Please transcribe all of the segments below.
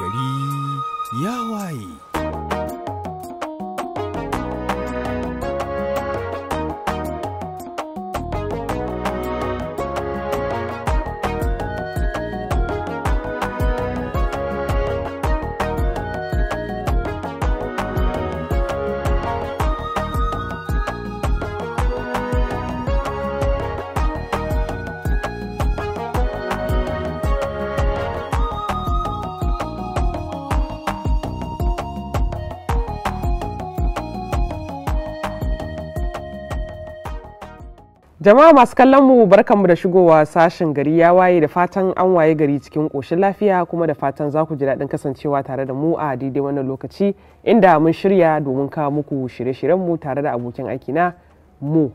j a d i ya w a y Jama'a masu kallon mu barkanmu da shigowa sashen gari ya waye da fatan an waye gari cikin koshin lafiya kuma da fatan za ku ji daɗin kasancewa tare da mu a daidai wannan lokaci inda mun shirya domin kawo muku shirye-shiryenmu tare da abokin aiki na mu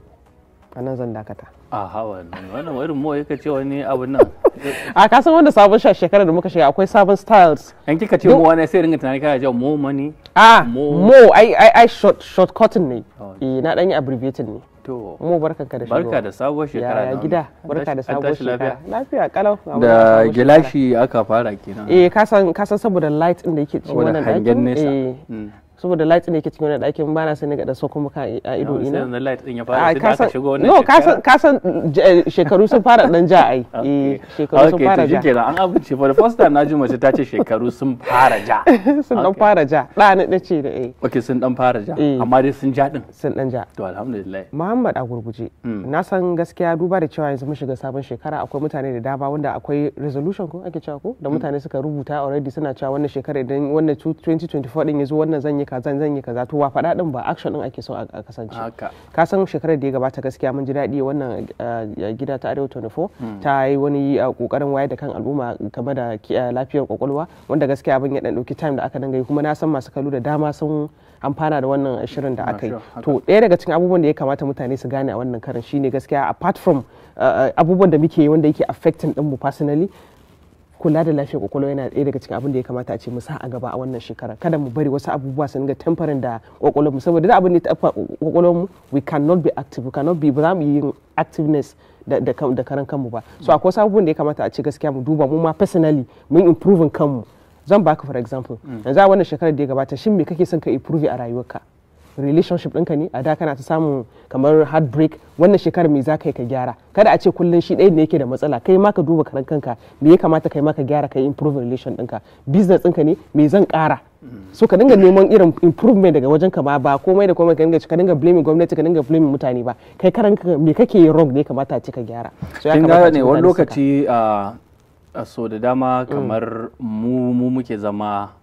a nan zan dakata. A hawa wannan wani mu yake ce wani abu nan. A kasan wanda sabon shekarar da muka shiga akwai sabon styles. An kika ce mu wani sai ringa tunani kana cewa mu money. Ah mo ai ai short short ne. Oh. Eh na dan yi abbreviating ne. to mu barkan ka da shigo barka da sabuwar shekara ya gida barka da sabuwar shekara lafiya kalau da gilashi aka fara kenan eh ka san saboda light din da yake cikin wannan dakin eh mm. saboda light ne yake cikin wani ɗakin ba na sani ga da sokon muka a ido ina sai wannan light din ya fara sai da aka shigo wannan no kasan kasan shekaru sun fara dan ja ai eh shekaru sun fara ja eh, okay to an abinci for the first time naji mace ta ce shekaru sun fara ja sun dan fara ja da ni da ce da eh okay sun dan fara ja eh. amma dai sun ja din sun dan ja to alhamdulillah Muhammad a gurguje hmm. na san gaskiya duba da cewa yanzu mun shiga sabon shekara akwai mutane da dama wanda akwai resolution ko ake cewa ko da hmm. mutane suka rubuta already suna cewa wannan shekara idan wannan 2024 din yazo wannan zan yi ka zan yi kaza to wa faɗa din ba action din ake so a kasance ka san shekarar da ya gabata gaskiya mun ji daɗi wannan eh, gida ta arewa 24 hmm. ta yi wani kokarin eh, wayar da kan al'umma game da eh, lafiyar kwakwalwa wanda gaskiya abin ya dan dauki time da aka dinga yi kuma na san masu kallo da dama sun amfana da wannan shirin da ah, aka yi to ɗaya daga cikin abubuwan da ya kamata mutane su gane a wannan karin shine gaskiya apart from abubuwan da muke yi wanda yake affecting din mu personally kula da lafiyar kwakwalwa yana ɗaya daga cikin abin da ya kamata a ce mu sa a gaba a wannan shekara kada mu bari wasu abubuwa su ga tamfarin da kwakwalwar mu saboda da abin da ya taɓa kwakwalwar mu we cannot be active we cannot be ba za mu yi activeness da karan kanmu ba so akwai wasu abubuwan da ya kamata a ce gaskiya mu duba mu ma personally mun improving kanmu zan baka for example mm. yanzu a wannan shekarar da ya gabata shin me kake son ka improve a rayuwarka relationship ɗinka ne a da kana ta samun kamar heartbreak wannan shekarar me za ka yi ka gyara kada a ce kullum shi ɗaya ne yake da matsala kai ma ka duba karan kanka me ya kamata kai ma ka gyara ka yi improve relation ɗinka business ɗinka ne me zan ƙara so ka dinga neman irin improvement daga wajen ka ba ba komai da komai ka dinga ka dinga blaming gwamnati ka dinga blaming mutane ba kai karan ka me kake yi wrong ne kamata a ce ka gyara so ya kamata ne wani lokaci a so da dama mm. kamar mu mu muke zama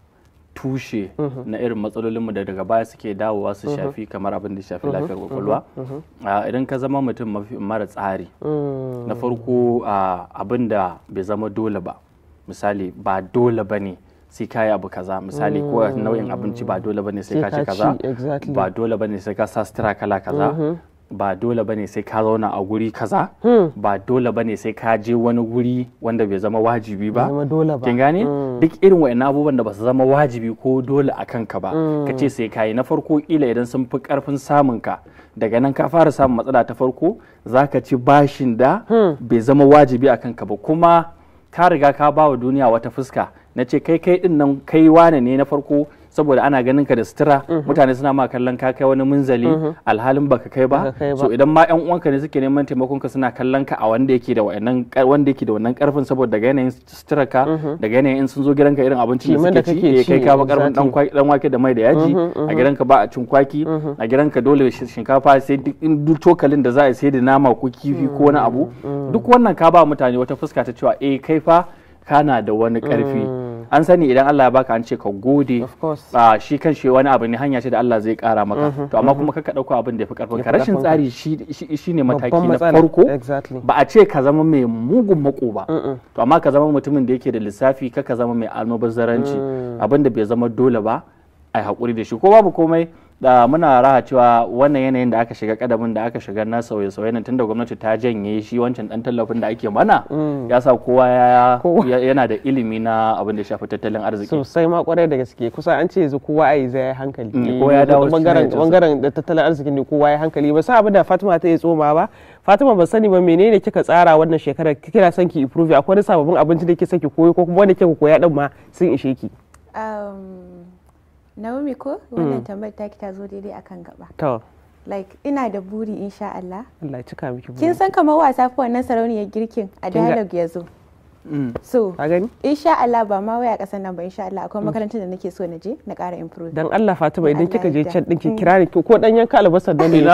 tushe mhm. na irin matsalolinmu da daga baya suke dawowa su mhm. shafi kamar abin da shafi mhm. lafiyar kwakwalwa idan ka zama mutum mara tsari mm. na farko abin da bai zama dole ba misali ba dole ba ne sai ka yi abu kaza misali ko mm. nau'in abinci ba dole ba ne sai ka ci kaza ba dole ba ne sai ka sa sutura kala kaza mm-hmm. ba dole bane sai ka zauna a guri kaza hmm. ba dole bane sai ka je wani guri wanda bai zama wajibi ba kin gane hmm. duk irin wa'annan abubuwan da ba su zama wajibi ko dole a kanka ba hmm. ka ce sai ka na farko kila idan sun fi karfin samun ka daga nan ka fara samun matsala ta farko zaka ci bashin da bai zama wajibi a kanka ba kuma ka riga ka ba wa duniya wata fuska na ce kai kai din nan kai wane ne na farko saboda ana ganin ka da sutura mhm. mutane suna ma kallon ka kai wani munzali mhm. alhalin baka kai ba so idan ma yan uwanka ne suke neman taimakon ka suna kallon ka a wanda yake da wannan wanda yake da wannan karfin saboda daga yanayin sutura ka mhm. daga yanayin sun zo gidan ka irin abincin da suke ci eh, kai ka ba karfin dan wake da mai da yaji a gidan ka ba a cin kwaki a ka dole shinkafa sai duk cokalin da za a sai da nama ko kifi ko wani mm, abu mm. duk wannan ka ba mutane wata fuska ta cewa eh kai fa kana da wani karfi mm. an sani idan Allah ya baka an ce ka gode shi kan shi wani abu ne hanya ce da Allah zai kara maka mhm, to amma mhm. kuma ka dauko abin da yafi karfin ka rashin tsari shi ne mataki na farko ba a ce ka zama mai mugun mako ba to amma ka zama mutumin da yake da lissafi ka ka zama mai almubazzaranci mm. abin da bai zama dole ba ai hakuri da shi ko babu komai da muna raha cewa wannan yanayin da aka shiga kadamin da aka shiga na sauye-sauye tun tunda gwamnati ta janye shi wancan dan tallafin da ake mana mm. ya sa kowa yana da ilimi na abin da shafi tattalin arziki sosai ma kwarai da gaske kusa an ce yanzu kowa yi zai hankali mm, kowa ya dawo bangaren da tattalin arzikin ne kowa ya hankali ba sa abin da Fatima ta yi tsoma ba Fatima ban sani ba menene kika tsara wannan shekarar kina son ki improve akwai wani sababbin abinci da kike saki ki koyo ko kuma wanda kika koya din ma sun ishe ki um, Naomi ko mm. wannan tambayar taki ta zo daidai akan gaba. To. Like ina da buri insha Allah. Allah cika miki buri. Kin san kamar wasa fa wannan sarauniyar girkin a dialogue ya zo. Mm. So, insha Allah ba ma waya kasan nan ba insha Allah akwai makarantar da nake so na je na ƙara improve. Dan Allah Fatima idan kika je can ɗin ki mm. kira ni ko dan yanka albasar da ne.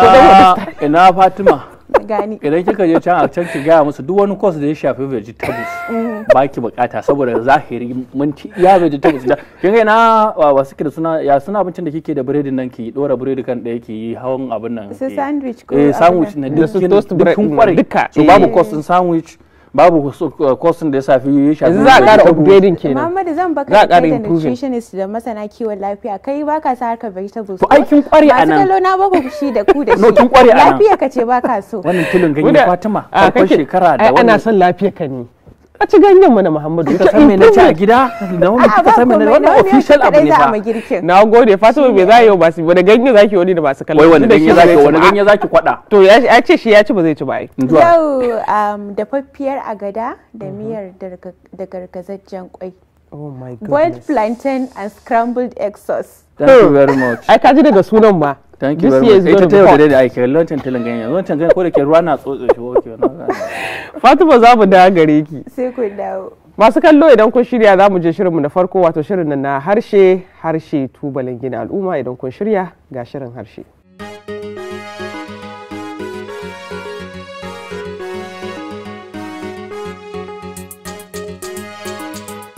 Ina Fatima. gani idan kika je can a can ki gaya musu duk wani course da ya shafi vegetables mm-hmm. ba ki bukata saboda zahiri mun ya vegetables da kin ga na wasu kira suna ya suna abincin da kike da biredin nan ki dora biredi kan daya yake yi hawan abin nan su sandwich ko eh sandwich na dukkan dukkan duk kware duka so babu eh. course din sandwich babu kosin uh, da ya safi ya shafi za a kara upgrading kenan Muhammadu zan baka za a ƙara nutritionist da masana kiwon lafiya kai baka sa harkar vegetables to aikin kware a nan masu kallo na baku shi da ku da shi lafiya ka ce baka so wannan tilin ganye Fatima kan shekara da wannan ana son lafiya ka ne a ci ganyen mana Muhammadu ka san mai na ci a gida na wani ka san mai na wannan official abu ne ba na gode Fatima bai za yau ba su wani ganye zaki wani da ba su kallon wai wani ganye zaki wani ganye zaki kwada to ya ce shi ya ci ba zai ci ba ai yau um, dafaffiyar agada da mhm. miyar da gargazajjen kwai Oh my god. Boiled plantain and scrambled egg sauce. Thank you very much. I Ai kaji daga sunan ma. Thank you very much. Ita ta yau da dai ai lantin talan ganyen. Lantin ganyen ko da ke ruwa na tsotse shi oke na. Fatima za mu da gare ki. Sai ku dawo. Masu kallo idan kun shirya za mu je shirinmu na farko wato shirin na harshe harshe tubalin gina al'umma idan kun shirya ga shirin harshe.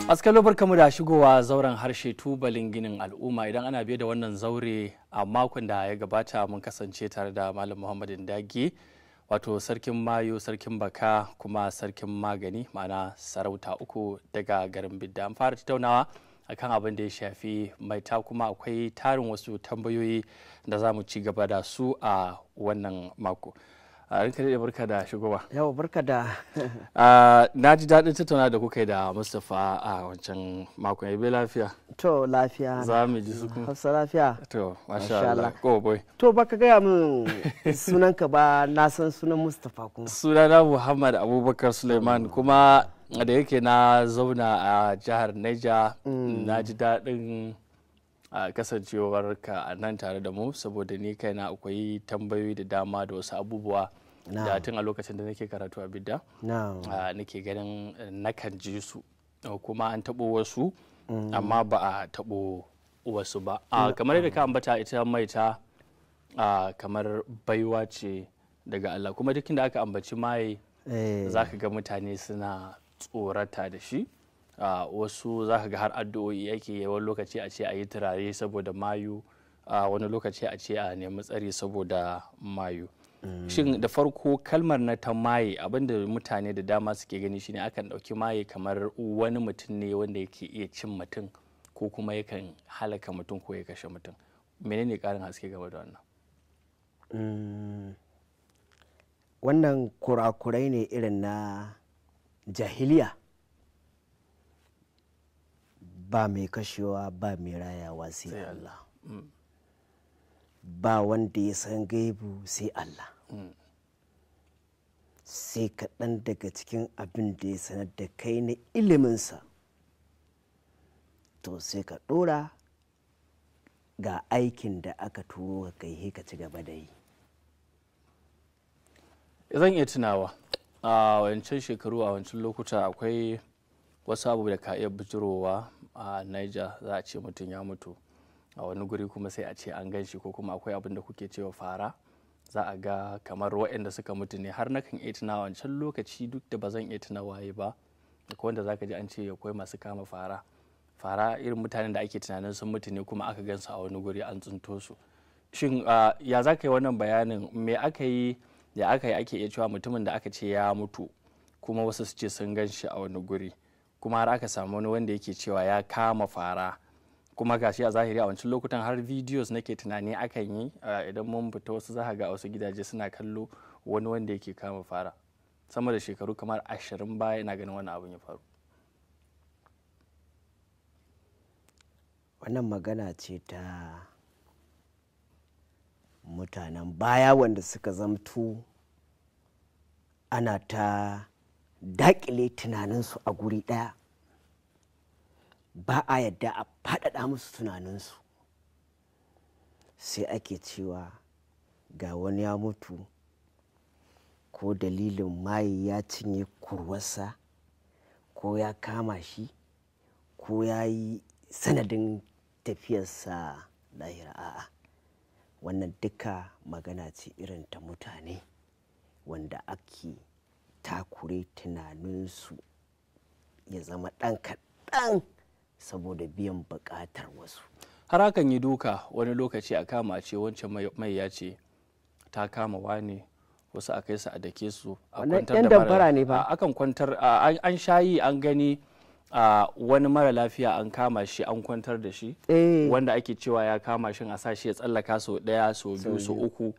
askalo mu da shigowa zauren harshe tubalin ginin al'umma idan ana biye da wannan zaure a makon da ya gabata mun kasance tare da malam muhammadin dage wato sarkin mayo sarkin baka kuma sarkin magani ma'ana sarauta uku daga garin bidda an fara tattaunawa akan abin da ya shafi mai ta kuma akwai tarin wasu tambayoyi da za mu ci gaba da su a wannan mako. a rinka da barka da ba. yawa barka da na ji daɗin tattauna da kuka yi da mustapha a wancan makon bai lafiya to lafiya za mu ji sukun hafsa lafiya to masha Allah ko oh, boy to baka gaya min sunan ka ba na san sunan mustapha kuma sunana muhammad abubakar suleiman mm. kuma da yake na zauna a jihar niger mm. na ji daɗin a kasancewar ka nan tare da mu saboda ni kaina akwai tambayoyi da dama da wasu abubuwa da tun a lokacin da nake karatu a bidda nake ganin eh, nakan ji su eh, kuma an taɓo wasu mm. amma ba a taɓo wasu ba kamar yadda ka ambata ita maita kamar baiwa ce daga Allah kuma duk da aka ambaci maye eh. za ka ga mutane suna tsorata da shi wasu za ka ga har addu'o'i yake wani lokaci a ce a yi turare saboda mayu wani lokaci a ce a nemi tsari saboda mayu mm. shin da farko kalmar na ta maye abinda mutane da dama suke gani shine akan ɗauki maye kamar wani mutum ne wanda yake iya cin mutum ko kuma yakan halaka mutum ko ya kashe mutum menene karin haske game da wannan mm. wannan kurakurai ne irin na jahiliya ba mai kashewa ba mai rayawa sai Allah mm. ba wanda ya san gaibu sai Allah mm. sai kaɗan daga cikin abin da ya sanar da kai na iliminsa to sai ka ɗora ga aikin da aka turo ka kai ka ci gaba da yi zan iya tunawa a wancan shekaru a wancan lokuta akwai wasu abu da ka iya bijirowa a niger za a ce mutum ya mutu a wani guri kuma sai a ce an gan shi ko kuma akwai abin da kuke cewa fara za a ga kamar waɗanda suka mutu ne har nakan iya tuna wancan lokaci duk da ba zan iya tuna waye ba ko wanda ka ji an ce akwai masu kama fara fara irin mutanen da ake tunanin sun mutu ne kuma aka gansu a wani guri an tsinto su shin ya za ka yi wannan bayanin me aka yi ya aka yi ake iya cewa mutumin da aka ce ya mutu kuma wasu su ce sun ganshi a wani guri kuma har aka samu wani wanda yake cewa ya kama fara kuma gashi a zahiri a wancan lokutan har videos nake tunani akan yi idan mun fita wasu za ga wasu gidaje suna kallo wani wanda yake kama fara sama da shekaru kamar ashirin baya ina ganin wani abin ya faru wannan magana ce ta mutanen baya wanda suka zamto ana ta daƙile tunaninsu a guri ɗaya ba a yadda a faɗaɗa musu tunaninsu sai ake cewa ga wani ya mutu ko dalilin maye ya cinye kurwarsa ko ya kama shi ko ya yi sanadin tafiyarsa lahira a'a wannan duka magana ce irin ta mutane wanda ake takure tunaninsu ya zama ɗan kaɗan saboda biyan buƙatar wasu har hakan yi duka wani lokaci a kama ce wancan mai ya ce ta kama wane wasu a kai su a dake su a kwantar da mara akan kwantar an shayi an gani wani mara lafiya an kama shi an kwantar da shi eh. wanda ake cewa ya kama shi a sa shi ya tsallaka sau daya sau biyu sau uku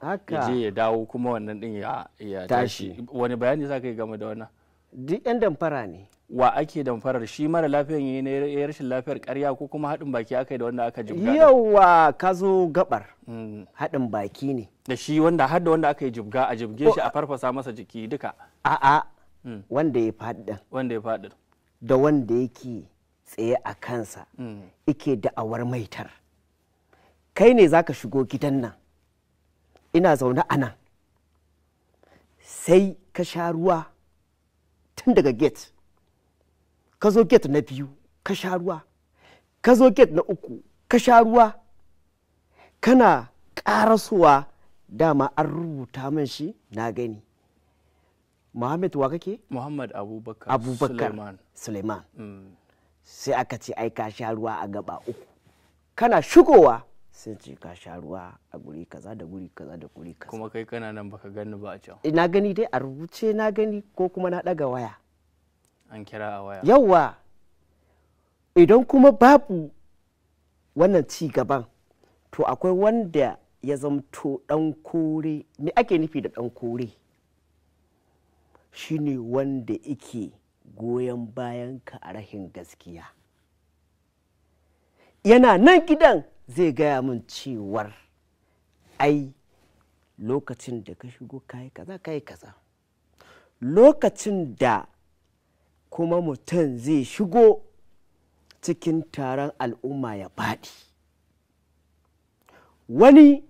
je ya dawo kuma wannan din ya tashi wani bayani za ka yi game da wannan duk yan damfara ne wa ake damfarar shi mara lafiyan ya rashin lafiyar karya ko kuma haɗin baki aka yi da wanda aka jibga yawa ka zo gabar mm. haɗin baki ne da shi wanda har da wanda aka yi jibga a jibge shi a farfasa masa jiki duka a'a mm. wanda ya faɗi wanda ya faɗi da wanda yake tsaye a kansa ike da'awar maitar kai ne za ka shigo gidan nan ina zaune a nan sai ka sha ruwa tun daga gate ka zo gate na biyu ka sha ruwa ka zo gate na uku ka sha ruwa kana ƙarasowa dama an rubuta min shi na gani Muhammad wa kake? Muhammad Abubakar, Abubakar Suleiman. Mm. Sai aka ce ai ka sha ruwa a gaba uku. Kana shigowa sai ce ka sha ruwa a guri kaza da guri kaza da guri kaza. Kuma kai kana nan baka gani ba a can. Eh, na gani dai a rubuce na gani ko kuma na daga waya. An kira a waya. Yawwa idan kuma babu wannan ci gaban to akwai wanda ya zamto dan kore me ake nufi da dan kore? shine wanda ike goyon bayan ka a rahin gaskiya yana nan gidan zai gaya min cewar ai lokacin da ka shigo kayi kaza kayi kaza lokacin da kuma mutum zai shigo cikin taron al'umma ya faɗi wani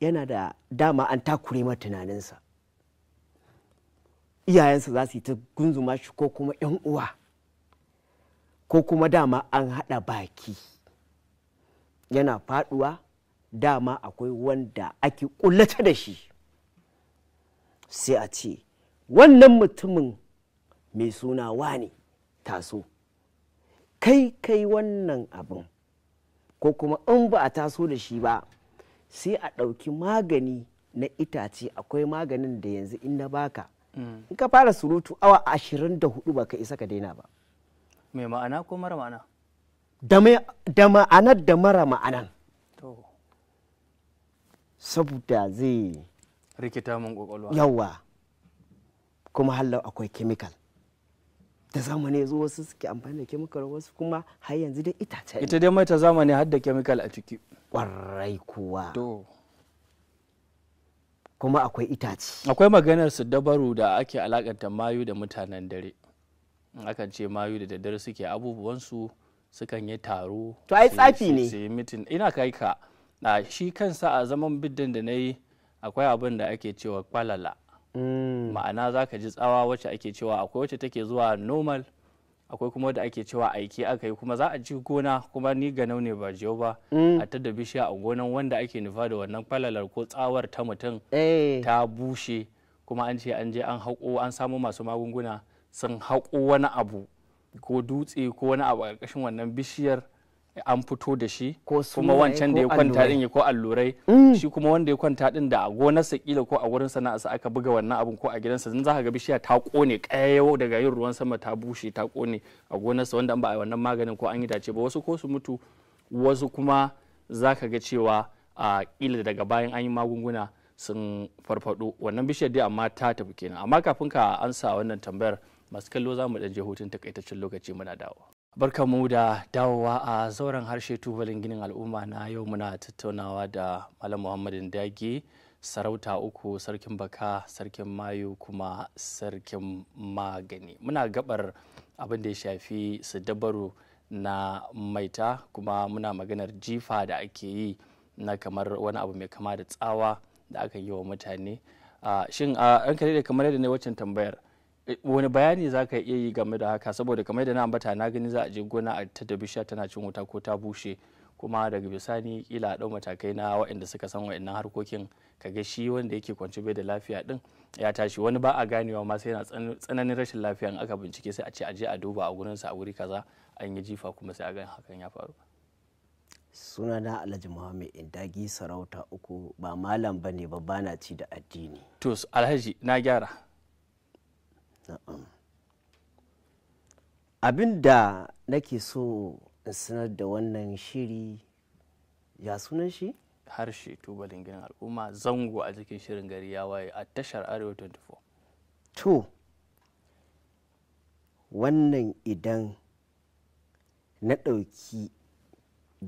yana da dama an takure ma tunaninsa iyayensa za su yi ta gunzuma shi ko kuma 'yan uwa ko kuma dama an haɗa baki yana faɗuwa dama akwai wanda ake ƙullata da shi sai a ce wannan mutumin mai suna wane taso kai kai wannan abin ko kuma in ba a taso da shi ba sai a ɗauki magani na itace akwai maganin da yanzu in na baka Mm. in ka fara surutu awa ashirin da hudu ba ka isa ka daina ba mai ma'ana ko mara ma'ana da ma'anar da mara ma'anan saboda zai rikita mun kwakwalwa yawa kuma hallau akwai kemikal da zamani ya zo wasu suke amfani da kemikal wasu kuma har yanzu dai itace ita dai mai ta zamani har da kemikal a ciki kwarai kuwa kuma akwai itace akwai maganar su dabaru da ake alakanta mayu da mutanen dare akan ce mayu da daddare suke abubuwansu sukan yi taro to ai tsafi ne Sai mitin ina kai ka shi kansa a zaman biddin da nayi akwai abin da ake cewa kwalala mm. ma'ana zaka ji tsawa wacce ake cewa akwai wacce take zuwa normal akwai kuma da ake cewa aiki aka yi kuma za a ci gona kuma ni ga ne ba jiyo ba mm. a tada bishiya a gonan wanda ake nufa da wannan falalar ko tsawar ta mutum eh. ta bushe kuma an ce an je an haƙo an samu masu magunguna sun haƙo wani abu ko dutse ko wani abu a ƙarƙashin wannan bishiyar an fito da shi kuma wancan da ya kwanta din ya ko allurai mm. shi kuma wanda ya kwanta din da a gonarsa kila ko a wurin sana'arsa aka buga wannan abun ko a gidansa zan zaka ga bishiya ta kone kayayo daga yin ruwan sama ta bushe ta kone a gonarsa wanda an ba a wannan maganin ko an yi dace ba wasu ko su mutu wasu kuma zaka ga cewa a kila daga bayan an yi magunguna sun farfado wannan bishiyar dai amma ta tafi kenan amma kafin ka ansa wannan tambayar masu kallo za mu dan je hutun takaitaccen lokaci muna dawo barkamu da dawowa a zauren harshe tubalin ginin al'umma na yau muna tattaunawa da malam muhammadin dage sarauta uku sarkin baka sarkin mayu kuma sarkin magani muna gabar abin da ya shafi su dabaru na maita kuma muna maganar jifa da ake yi na kamar wani abu mai kama da tsawa da aka yi wa mutane shin kare da kamar yadda ne waccan tambayar wani bayani za ka iya yi game da haka saboda kamar da na ambata na gani za a je gona a ta da bishiya tana cin wuta ko ta bushe kuma daga bisani kila a dau matakai na waɗanda suka san waɗannan harkokin kaga shi wanda yake kwance bai da lafiya din ya tashi wani ba a ganewa ma sai yana tsananin rashin lafiya in aka bincike sai a ce a je a duba a gurin sa a wuri kaza an yi jifa kuma sai a ga hakan ya faru suna na alhaji muhammad indagi sarauta uku ba malam bane ba bana ci da addini to alhaji na gyara abin da nake so in sanar da wannan shiri ya sunan shi harshe tubalin ginin al'umma zango a cikin shirin gari ya waye a tashar arewa 24 to wannan idan na ɗauki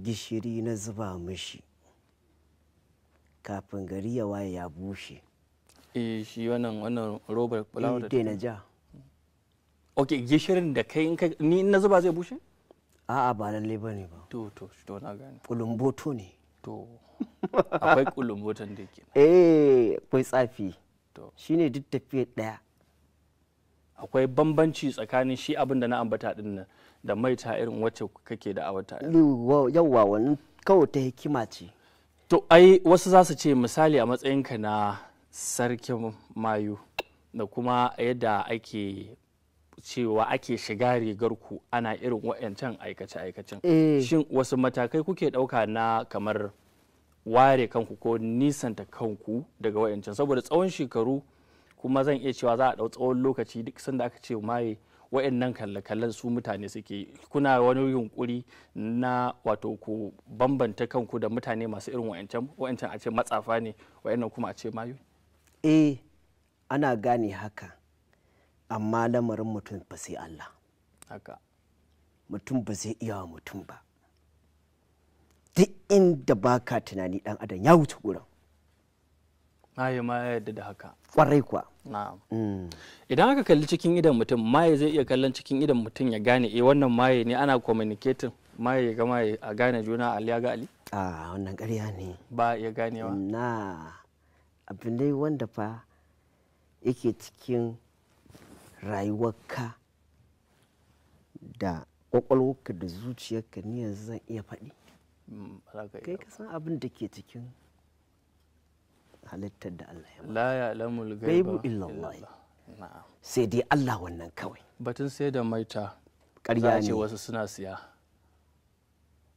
gishiri na zuba mishi kafin gari ya waye ya bushe Eh, shi wannan wannan robar fulawar da na ja ok gishirin da kai ni na zuba zai bushe a'a ba lalle ne ba to to to na gani kulumboto ne to akwai kulumboton da ke eh akwai tsafi to shine duk tafiya daya akwai bambanci tsakanin shi abin da na ambata din nan da maita irin wacce kake da awata yawwa wannan kawai ta hikima ce to ai wasu za su ce misali a matsayinka na sarkin mayu da kuma yadda ake cewa ake shiga rigar ku ana irin wa'yancan aikace-aikacen eh. shin wasu matakai kuke ɗauka na kamar ware kanku ko nisanta kanku daga wa'yancan saboda tsawon shekaru kuma zan iya cewa za a ɗau tsawon lokaci duk sanda aka ce maye wa'yannan kalle-kallen su mutane suke kuna wani yunkuri na wato ku bambanta kanku da mutane masu irin wa'yancan wa'yancan a ce matsafa ne wa'yannan kuma a ce mayu E, ana gane haka amma lamarin mutum ba sai Allah haka mutum ba zai iya wa mutum ba duk inda baka tunani dan adam ya wuce gurin maye ma ya yadda da haka kwarai kuwa mm. idan aka kalli cikin idan mutum maye zai iya kallon cikin idan mutum ya gane eh wannan maye ne ana communicating maye ya ga maye a gane juna ali ya ga ali a ah, wannan ƙarya ne ba ya wa. na abu ne wanda fa yake cikin rayuwarka da kwakwalwarka da zuciyarka ni yanzu zan iya faɗi mm, kai ka san abin da ke cikin halittar da Allah ya la ya lamul gaiba illallah sai dai Allah wannan kawai batun sai da maita ƙarya ne wasu suna siya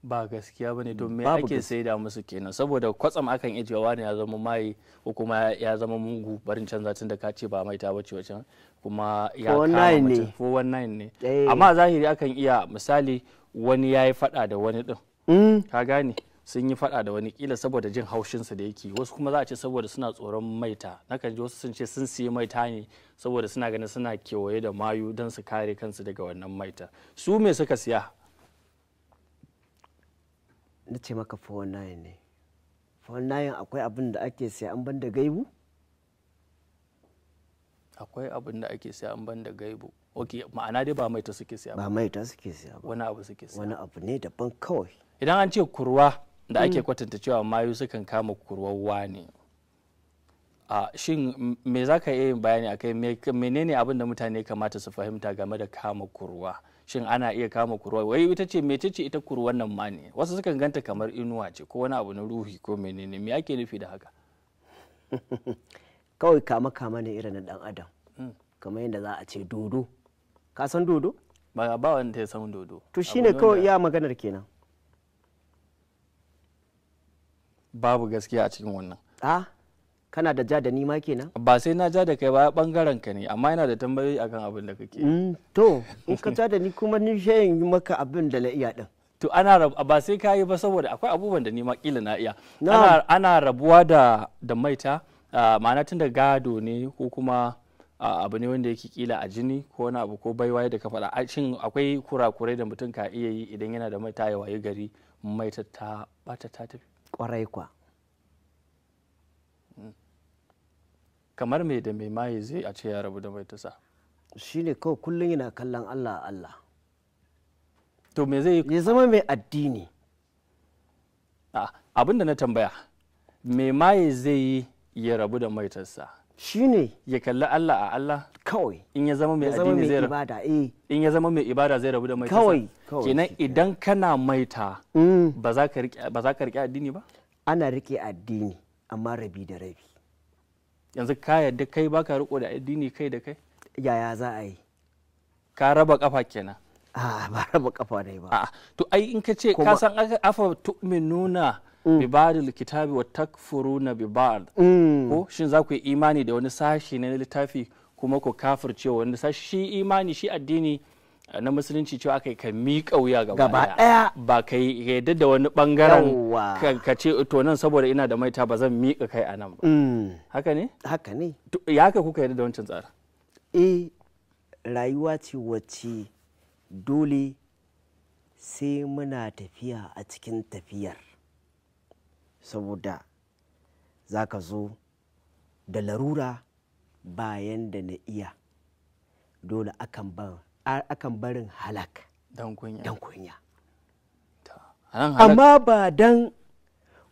ba gaskiya bane to me ake saida musu kenan saboda kwatsam akan iya wani ya zama mai ko kuma ya zama mungu barin canza tun da ka ce ba mai ta bace wacan kuma ya kama mace wannan ne eh. amma zahiri akan iya misali wani ya yi fada da wani din mm. ka gane sun yi fada da wani kila saboda jin haushinsa da yake wasu kuma za a ce saboda suna tsoron maita nakan ji wasu sun ce sun siya maita ne saboda suna ganin suna kewaye da mayu don su kare kansu daga wannan maita su me suka siya na ce maka 419 ne 419 akwai abin da ake sai an ban da gaibu akwai abin da ake sai an ban da gaibu ok ma'ana dai ba mai ta suke siya ba mai ta suke siya ba wani abu suke siya wani abu ne daban kawai idan an ce kurwa da hmm. ake kwatanta cewa mayu sukan kama kurwawa ne a shin me za ka iya yin bayani akai menene abin da mutane kamata su fahimta game da kama kurwa shin ana iya kama kurwa wai ita ce mecece ita kurwan nan ma ne wasu sukan ganta kamar inuwa ce ko wani abu na ruhi ko menene me ake nufi da haka kawai kama kama ne irin dan adam hmm. kamar yadda za a ce dodo ka san dodo ba ba wanda ya san dodo to shine kawai iya maganar kenan babu gaskiya a cikin wannan a ah? kana da ja da nima kenan ba sai na ja da kai ba bangaren ka ne amma yana da tambayoyi akan abin da kake mm, to in ka ja da ni kuma ni shayin yi maka abin da na iya din to ana ba sai ka yi ba saboda akwai abubuwan da nima kila na iya ana rabuwa da da maita ma'ana tun da gado ne ko kuma abu ne wanda yake kila a jini ko wani abu ko baiwa da ka faɗa shin akwai kurakurai da mutum ka iya yi idan yana da maita ya wayi gari maita ta bata ta tafi kwarai kwa kamar mai da mai maye zai a ce ya rabu da mai tasa shine kawai kullum yana kallon Allah Allah to me zai ya zama mai addini abin da na tambaya mai maye zai yi ya rabu da maitarsa shine ya kalli Allah a Allah kawai in ya zama mai addini zai ibada eh in ya zama mai ibada zai rabu da maitarsa kawai kenan idan kana maita mm. ba za ka rike addini ba ana rike addini amma rabi da rabi yanzu ka yadda kai baka riko da addini kai da kai yaya za a yi ka raba kafa kenan a ba raba kafa dai ba to ai in ka ce ka san afa tu'minuna mm. bi ba'dil kitabi wa takfuruna bi ba'd mm. ko shin za ku yi imani da wani sashi na littafi kuma ku kafirce wani sashi shi imani shi addini na musulunci cewa aka ka miƙa wuya gaba ɗaya ba ka yi yadda da wani ɓangaren ka ce to nan saboda ina da maita ba zan miƙa kai a nan ba mm. haka ne haka ne ya haka kuka yadda da wancan tsara eh rayuwa ce wacce dole sai muna tafiya a cikin tafiyar saboda za ka zo da larura bayan da na iya dole akan ban akan barin halak dan kunya amma ba dan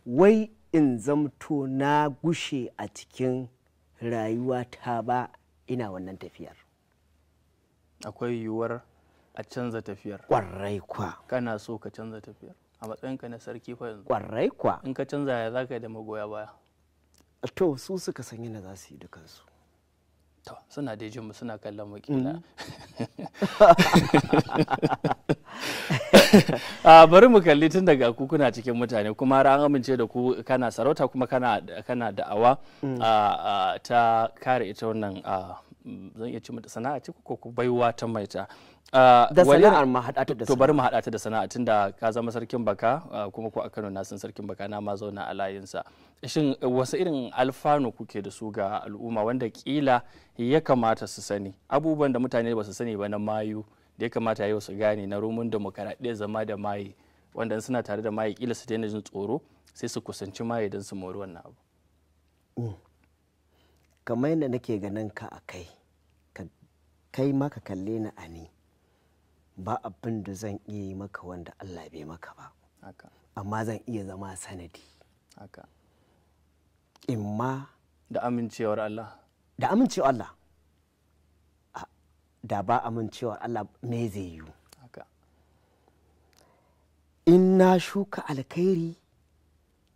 wai in zamto na gushe a cikin rayuwa ta ba ina wannan tafiyar akwai yiwuwar a canza tafiyar kwarai kwa kana so ka canza tafiyar a matsayinka na sarki fa yanzu kwarai kwa in ka canza ya za ka yi da magoya baya to su suka sanya na za su yi dukansu to suna da jinmu suna kallon mu kila mm. ah, bari mu kalli tun daga ku kuna cikin mutane kuma an amince da ku kana sarauta kuma kana kana da'awa mm. ah, ah, ta kare ita wannan mm, zan iya ci mata sana'a ko baiwa ta maita Uh, da sana'ar ma haɗa ta da to bari mu haɗa ta da sana'a tunda ka zama sarkin baka uh, kuma ko a Kano na san sarkin baka na ma zauna a layinsa shin uh, wasu irin alfanu kuke da su ga al'umma wanda kila ya kamata su sani abubuwan da mutane ba su sani ba na mayu da ya kamata yau su gane na rumun demokaradiyya zama da maye wanda suna tare da maye kila su daina jin tsoro sai su kusanci maye don su mori wannan abu mm. kamar yadda nake ganin ka a kai kai ma ka kalle ni a ni ba abin da zan iya yi maka wanda Allah bai maka ba amma zan iya zama sanadi imma da amincewar Allah da amincewar Allah da ba amincewar Allah me zai yiwu in na shuka alkhairi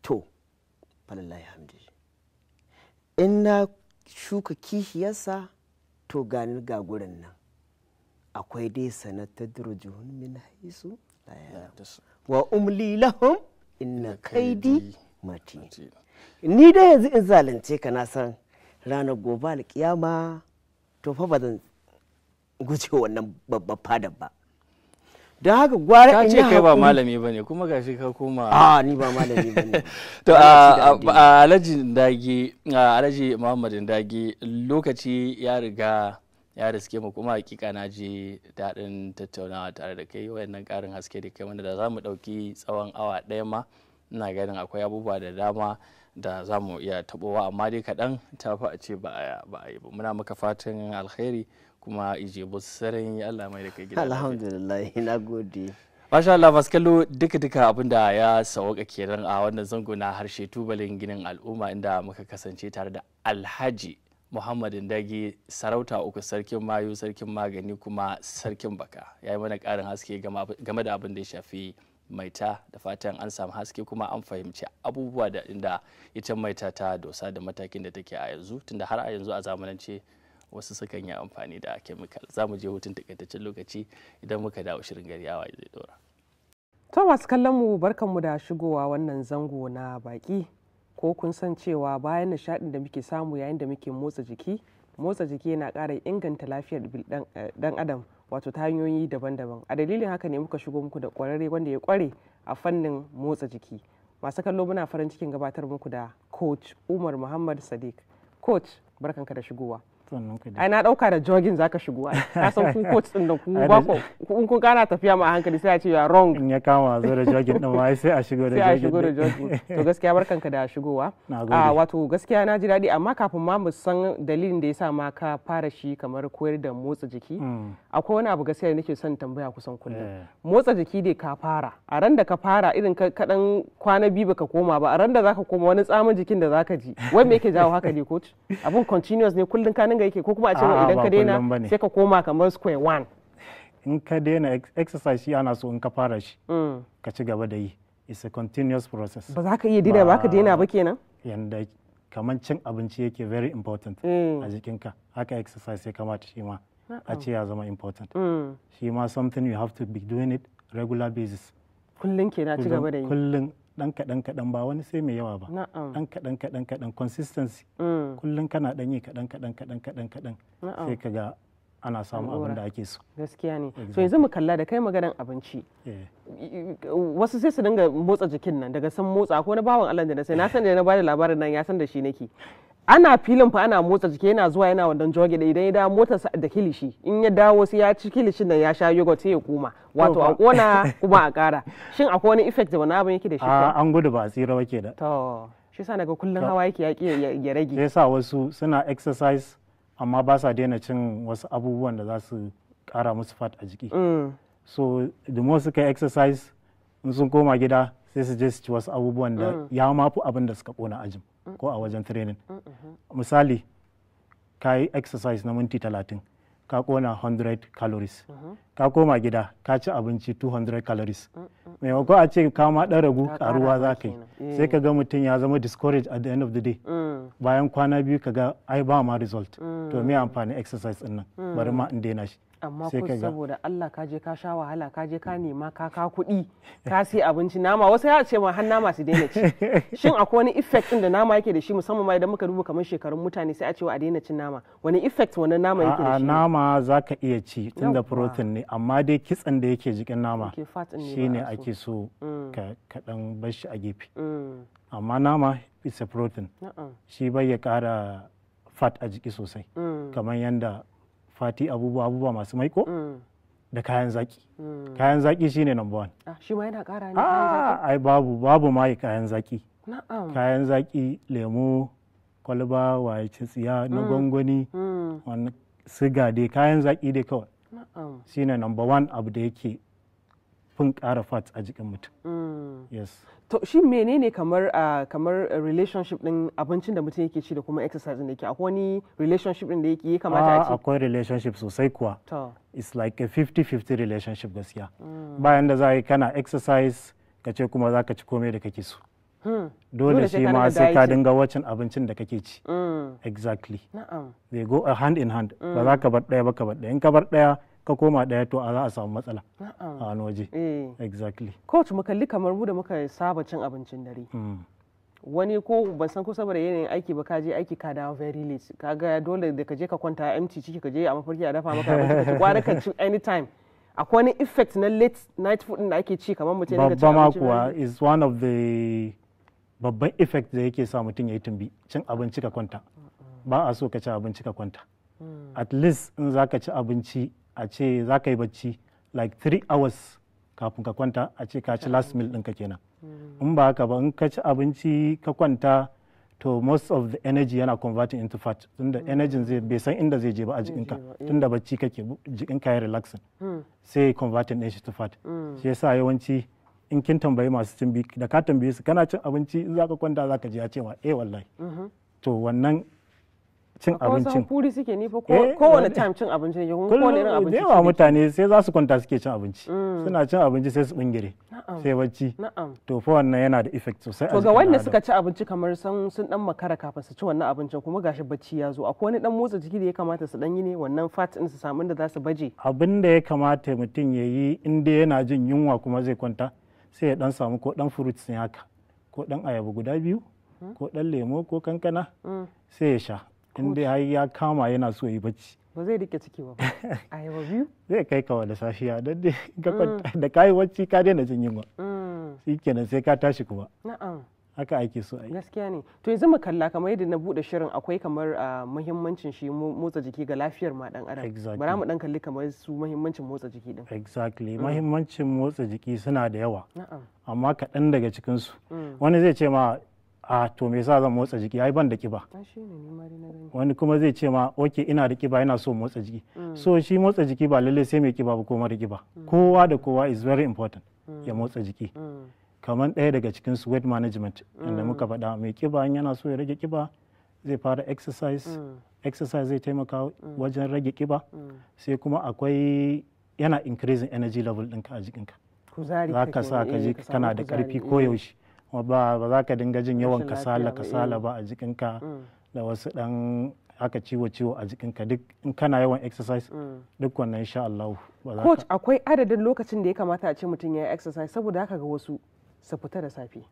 to falallahi hamdi in na shuka kishiyarsa to gani ga gurin nan akwai dai sanatar durjuhun min haisu wa umli lahum inna kaidi mati ni dai yanzu in zalunce ka na san ranar gobe alkiyama to fa ba zan guje wannan babban fadar ba don haka gwara in ce kai ba malami bane kuma shi ka koma a ni ba malami bane to alhaji dage alhaji muhammadin dage lokaci ya riga ya riske mu kuma hakika na ji daɗin tattaunawa tare da kai wayannan ƙarin haske da kai wanda da zamu mu ɗauki tsawon awa ɗaya ma ina ganin akwai abubuwa da dama da za iya taɓowa amma dai kaɗan ta fi a ce ba a yi ba muna maka fatan alkhairi kuma ije ya Allah mai da kai gida alhamdulillah na gode Masha Allah masu kallo duka-duka abinda ya sauka kenan a wannan zango na harshe tubalin ginin al'umma inda muka kasance tare da Alhaji muhammadin dage sarauta uku sarkin mayu sarkin magani kuma sarkin baka ya yi mana karin haske game da abin da ya shafi maita da fatan an samu haske kuma an fahimci abubuwa da inda ita maita ta dosa da matakin da take a yanzu tunda har a yanzu a zamanance wasu sukan yi amfani da kemikal za mu je hutun takaitaccen lokaci idan muka dawo shirin gari yawa zai dora to masu kallon mu barkanmu da shigowa wannan zango na baki ko kun san cewa bayan nishaɗin da muke samu yayin da muke motsa jiki motsa jiki yana ƙara inganta lafiyar dan eh, adam wato ta hanyoyi daban-daban a dalilin haka ne muka shigo muku da ƙwararre wanda ya kware a fannin motsa jiki masu kallo muna farin cikin gabatar muku da coach umar muhammad sadiq coach barkanka da shigowa ai na dauka da jogging zaka shigo ai ka san kun coach din da kun ba ku kun kana tafiya ma hankali sai a ce ya wrong in ya kama a zo da jogging din ma sai a shigo da jogging sai a shigo da jogging to gaskiya barkanka da shigowa a ah, wato gaskiya na ji daɗi amma kafin ma mu san dalilin da yasa ma ka fara shi kamar koyar da motsa jiki mm. akwai wani abu gaskiya nake son tambaya kusan kullum eh. motsa jiki dai ka fara a ran da ka fara irin kaɗan kwana biyu baka koma ba a ran da zaka koma wani tsamin jikin da zaka ji wai me yake jawo haka ne coach abun continuous ne kullum ka ninga yake ko kuma a ce idan ka daina sai ka koma kamar square one in ka daina exercise shi ana so in ka fara shi mm. ka ci gaba da yi it's a continuous process ba za ka iya daina ba ka daina ba kenan yanda kamar cin abinci yake very important mm. a jikinka haka exercise ya kamata shi ma a ce ya zama important mm. shi ma something you have to be doing it regular basis kullum ke na ci gaba da yi kullum dan kaɗan kaɗan ba wani sai mai yawa ba dan kaɗan kaɗan kaɗan consistency mm. kullum kana dan yi kaɗan kaɗan kaɗan kaɗan kaɗan sai ka ga ana samu abin da ake so gaskiya ne so yanzu mu kalla da kai maganan abinci eh. wasu sai su dinga motsa jikin nan daga san motsa ko na bawan Allah da na sai na san da na bada labarin nan ya san da shi nake ana filin fa ana motsa jiki yana zuwa yana wannan jogi da idan ya dawo motarsa da kilishi in ya dawo sai ya ci kilishin nan ya sha yogurt sai ya koma wato a kona kuma a kara shin akwai wani effect da wani abin yake da shi an gudu ba a tsira ba da to shi yasa daga kullun hawa yake yaki ya rage sai sa wasu suna exercise amma ba sa daina cin wasu abubuwan da za su kara musu fat a jiki mm. so the most suka exercise in sun koma gida sai su je su ci wasu abubuwan da mm. ya mafi abin da suka kona ajin ko a wajen training mm-hmm. misali ka yi exercise na minti talatin ka kona 100 calories mm-hmm. ka koma gida ka ci abinci 200 calories maimako a ce ka ma ɗan ragu karuwa za ka yi eh. sai ka ga mutum ya zama discouraged at the end of the day mm. bayan kwana biyu ka ga ai ba ma result mm. to me amfani exercise din nan mm. bari ma in daina shi amma ko saboda Allah ka je ka sha wahala ka je ka mm. nema ka ka kuɗi ka sai abinci nama wasu ya ce ma har nama su daina ci shin akwai wani effect din da nama yake da shi musamman ma idan muka duba kamar shekarun mutane sai a ce wa a daina cin nama wani effect wannan nama yake da shi nama zaka iya ci tunda protein ne amma dai kitsan da yake jikin nama shine ake so mm. ka dan bar shi a gefe mm. amma nama is a protein shi bai ya kara fat a jiki sosai kamar yanda fati abubuwa abubuwa masu maiko mm. da kayan zaki mm. kayan zaki shine number one ah, shi ma yana kara ne ah, ai babu babu mai kayan zaki kayan zaki lemu kwalba waye tsiya na mm. gwangwani wani siga dai kayan zaki dai kawai shine number one abu da yake fin kara fat a jikin mutum yes to shi menene kamar kamar relationship din abincin da mutum yake ci da kuma exercise din da yake akwai wani relationship din da yake ya kamata a ah, ce akwai relationship sosai kuwa it's like a 50-50 relationship gaskiya hmm. bayan da za kana exercise ka ce kuma zaka ci komai da kake so hmm. dole shi ma sai ka dinga wacin abincin da kake ci hmm. exactly they go uh, hand in hand ba za ka bar daya ba ka bar daya in ka bar daya ka koma ɗaya to a za a samu matsala a wani waje eh. exactly coach mu kalli kamar mu da muka saba cin abincin dare hmm. wani ko ban san ko saboda yanayin aiki ba ka je aiki ka dawo very late ka ga dole da ka je ka kwanta empty ciki ka je a mafarki a dafa maka abinci ka gwara ka ci anytime akwai wani effect na late night food da ake ci kamar mutum ya ci abinci kuwa is one of the babban effect da yake sa mutum ya yi tumbi cin abinci ka kwanta ba a so ka ci abinci ka kwanta mm. at least in za ka ci abinci a ce za ka yi bacci like three hours kafin ka kwanta a ce ka ci last meal ɗinka kenan in ba haka ba in ka ci abinci ka kwanta to most of the energy yana converting into fat tunda mm. energy zai bai san inda zai je ba a jikinka eh. tunda bacci kake jikinka ya relaxing mm. sai converting din shi to fat mm. shi yasa yawanci in kin tambayi masu cin da ka tambaye su kana cin abinci in za ka kwanta za zaka je a cewa eh wallahi mm-hmm. to wannan cin abinci ko suke ni fa eh, kowane time cin abinci ne ko kowane irin abinci yawa mutane sai za su kwanta suke cin abinci mm. suna cin abinci sai su bingire sai bacci to fa wannan yana da effect sosai to ga wanda suka ci abinci kamar san sun dan makara kafin su ci wannan abincin kuma gashi bacci ya zo akwai wani dan motsa jiki da ya kamata su dan yi ne wannan fat din su samu da za su baje abin da ya kamata mutum ya yi in dai yana jin yunwa kuma zai kwanta sai ya dan samu ko dan fruits ne haka ko dan ayaba guda biyu hmm? ko dan lemo ko kankana hmm. sai ya sha in dai har ya kama yana so yi bacci ba zai rike ciki ba a yawa biyu zai kai kawa da safiya don dai mm. da kayi wacce ka daina jin yunwa mm. shi kenan sai ka tashi kuma na'am haka ake so a yi gaskiya ne to yanzu mu kalla kamar yadda na bude shirin akwai kamar ah, muhimmancin shi motsa jiki ga lafiyar ma dan adam bara mu dan kalli kamar su muhimmancin motsa jiki din exactly mm. muhimmancin motsa jiki suna da yawa amma kaɗan daga cikinsu. wani zai ce ma a to me yasa zan motsa jiki ai ban da kiba wani kuma zai ce ma oke ina da kiba yana so motsa jiki mm. so shi motsa jiki ba lallai sai mai kiba ba ko mara kiba mm. kowa da kowa is very important mm. ya motsa jiki kamar ɗaya daga cikin su weight management inda muka faɗa mai kiba in yana so ya rage kiba zai fara exercise exercise zai taimaka wajen rage kiba sai kuma akwai yana increasing energy level ɗinka a jikinka za ka sa ka ji eh, kana da ƙarfi eh. koyaushe ba za ka dinga jin yawan kasala kasala eh. ba a jikinka mm. da wasu dan aka ciwo ciwo a jikinka duk in kana yawan exercise mm. duk wannan insha Allah coach akwai adadin lokacin da ya kamata a ce mutum ya yi exercise saboda haka ga wasu su fita da safe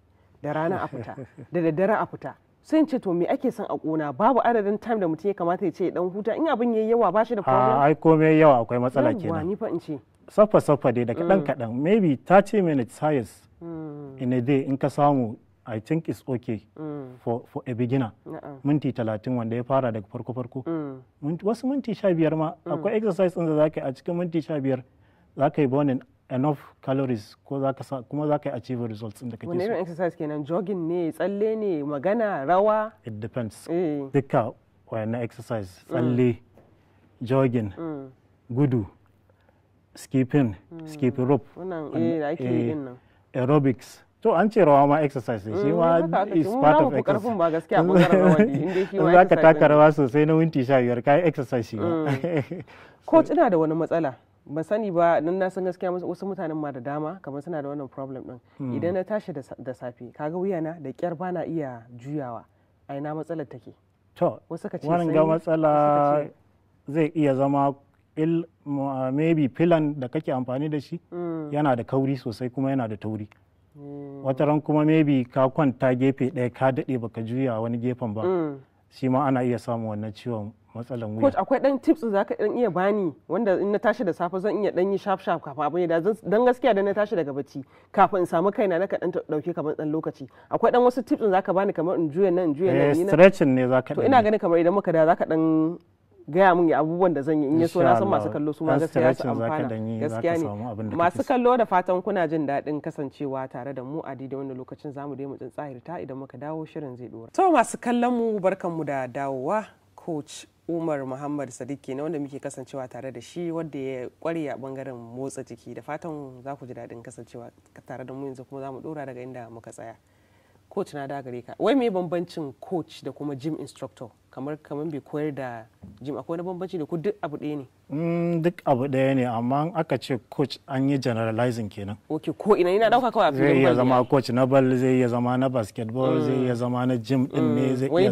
da rana a fita da daddare a fita sun ce to me ake son a kona babu adadin time da mutum ya kamata ya ce dan huta in abin yayi yawa ba shi da problem ai komai yawa akwai matsala kenan ni fa in ce saffa saffa dai da kadan mm. kadan maybe 30 minutes highest Mm. in a day in ka samu i think it's okay mm. for, for a beginner minti talatin wanda ya fara daga farko farko mm. wasu minti sha biyar ma akwai exercise ɗin da za ka yi a cikin minti sha biyar za ka yi burning enough calories ko za ka kuma za ka yi achieve results da kake so. Wani irin exercise kenan jogging ne tsalle ne magana rawa? It depends. Eh. Duka wayannan exercise tsalle jogging gudu skipping skipping rope. Wannan eh ake eh, nan. aerobics to an ce rawa ma exercise ne shi mm, ma is part of exercise za ba gaskiya bangaren rawa taka rawa sosai na minti 15 kai exercise shi mm. coach ina da wani matsala ban sani ba nan na san gaskiya wasu mutanen ma da dama kamar suna da wannan problem din mm. idan na tashi da safe kaga wuyana da kyar bana iya juyawa a ina matsalar take to wasu ka ce wannan ga matsala zai iya zama il ah, maybe filan da kake amfani da shi mm. yana da kauri sosai kuma yana da tauri mm. wata ran kuma maybe ka kwanta gefe ɗaya ka daɗe baka juya wani gefen ba mm. shi ma ana iya samun wannan ciwon matsalan wuya. Coach akwai dan tips za ka dan iya bani wanda in na tashi da safe zan iya dan yi shaf shaf kafin abin da dan gaskiya da na tashi daga bacci kafin in samu kaina na ka dan dauke kamar dan lokaci. Akwai dan wasu tips za ka bani kamar in juya nan in juya nan. Eh, stretching ne za ka To ina ganin kamar idan muka da za ka dan gaya min abubuwan da zan yi in ya so na san masu kallo su ma gaskiya su amfana gaskiya ne masu kallo da fatan kuna jin daɗin kasancewa tare da mu a didi wanda lokacin zamu dai mu tsahirta idan muka dawo shirin zai dora to masu kallon mu barkan mu da dawowa coach umar muhammad sadiq kenan wanda muke kasancewa tare da shi wanda ya kware a bangaren motsa jiki da fatan za ku ji daɗin kasancewa tare da mu yanzu kuma zamu dora daga inda muka tsaya coach na da gare ka wai me bambancin coach da kuma gym instructor kamar kamar bai koyar da gym akwai wani bambanci da ku duk abu ɗaya ne mm, duk abu ɗaya ne amma aka ce coach an yi generalizing kenan ok ko ina ina dauka kawai a zai iya zama coach na ball zai iya zama na basketball zai mm. iya zama na gym din ne mm. zai iya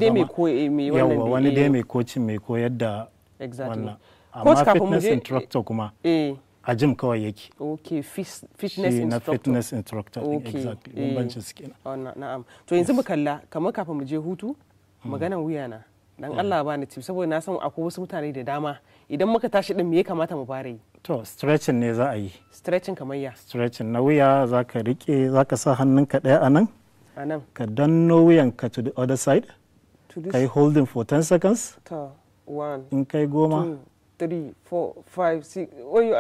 zama wani dai mai coaching mai koyar da wannan amma fitness instructor kuma eh, eh. a jim kawai yake okay Fis fitness She instructor na fitness instructor okay. exactly eh. bambancin su kenan oh, na'am to yanzu mu kalla kamar kafin mu je hutu hmm. maganan wuya na dan hmm. Allah bani tip saboda na san akwai wasu mutane da dama idan muka tashi din me ya kamata mu fara yi to stretching ne za a yi stretching kamar ya stretching na wuya zaka rike zaka sa hannunka daya anan anan ka danno wuyanka to the other side kai holding for 10 seconds to one in kai goma 3 4 5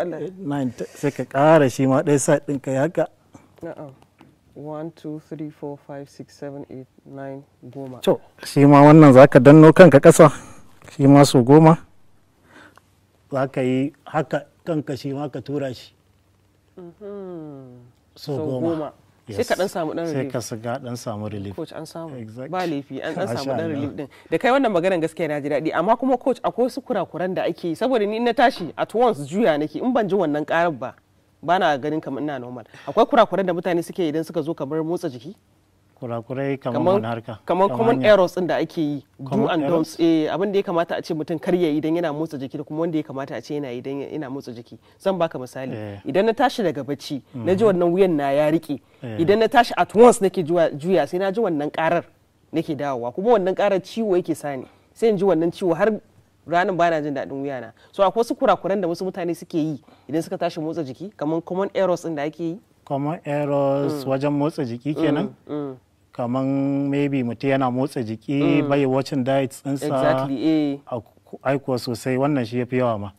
6 9 sai ka ƙara shi ma ɗaya side ɗin ka haka 1 2 3 4 5 6 7 8 9 shi ma wannan zaka danno kanka ƙasa shi ma su goma ka yi haka kanka shi ma ka tura shi mm-hmm. so goma sai ka dan samu dan relief sai ka dan samu relief coach an samu ba laifi an dan samu dan relief din da kai wannan maganar gaskiya na ji daɗi amma kuma coach akwai wasu kurakuran da ake saboda ni na tashi at once juya nake in ban ji wannan karar ba bana ganin kamar ina normal akwai kurakuran da mutane suke idan suka zo kamar motsa jiki kurakurai kamar harka kamar common errors din da ake yi do and don'ts abin da ya kamata a ce mutum kar ya yi idan yana motsa jiki da kuma wanda ya kamata a ce yana idan yana motsa jiki zan baka misali idan na tashi daga bacci na ji wannan wuyan na ya rike idan na tashi at once nake juya sai na ji wannan karar nake dawowa kuma wannan karar ciwo yake sani sai in ji wannan ciwo har ranan bana jin daɗin wuyana so akwai wasu kurakuran da wasu mutane suke yi idan suka tashi motsa jiki kamar common errors din da ake yi common errors wajen motsa jiki kenan kaman maybe mutum yana motsa jiki mm. bai watching diet tsinsa eh. aikuwa sosai wannan shi ya fi yawa ma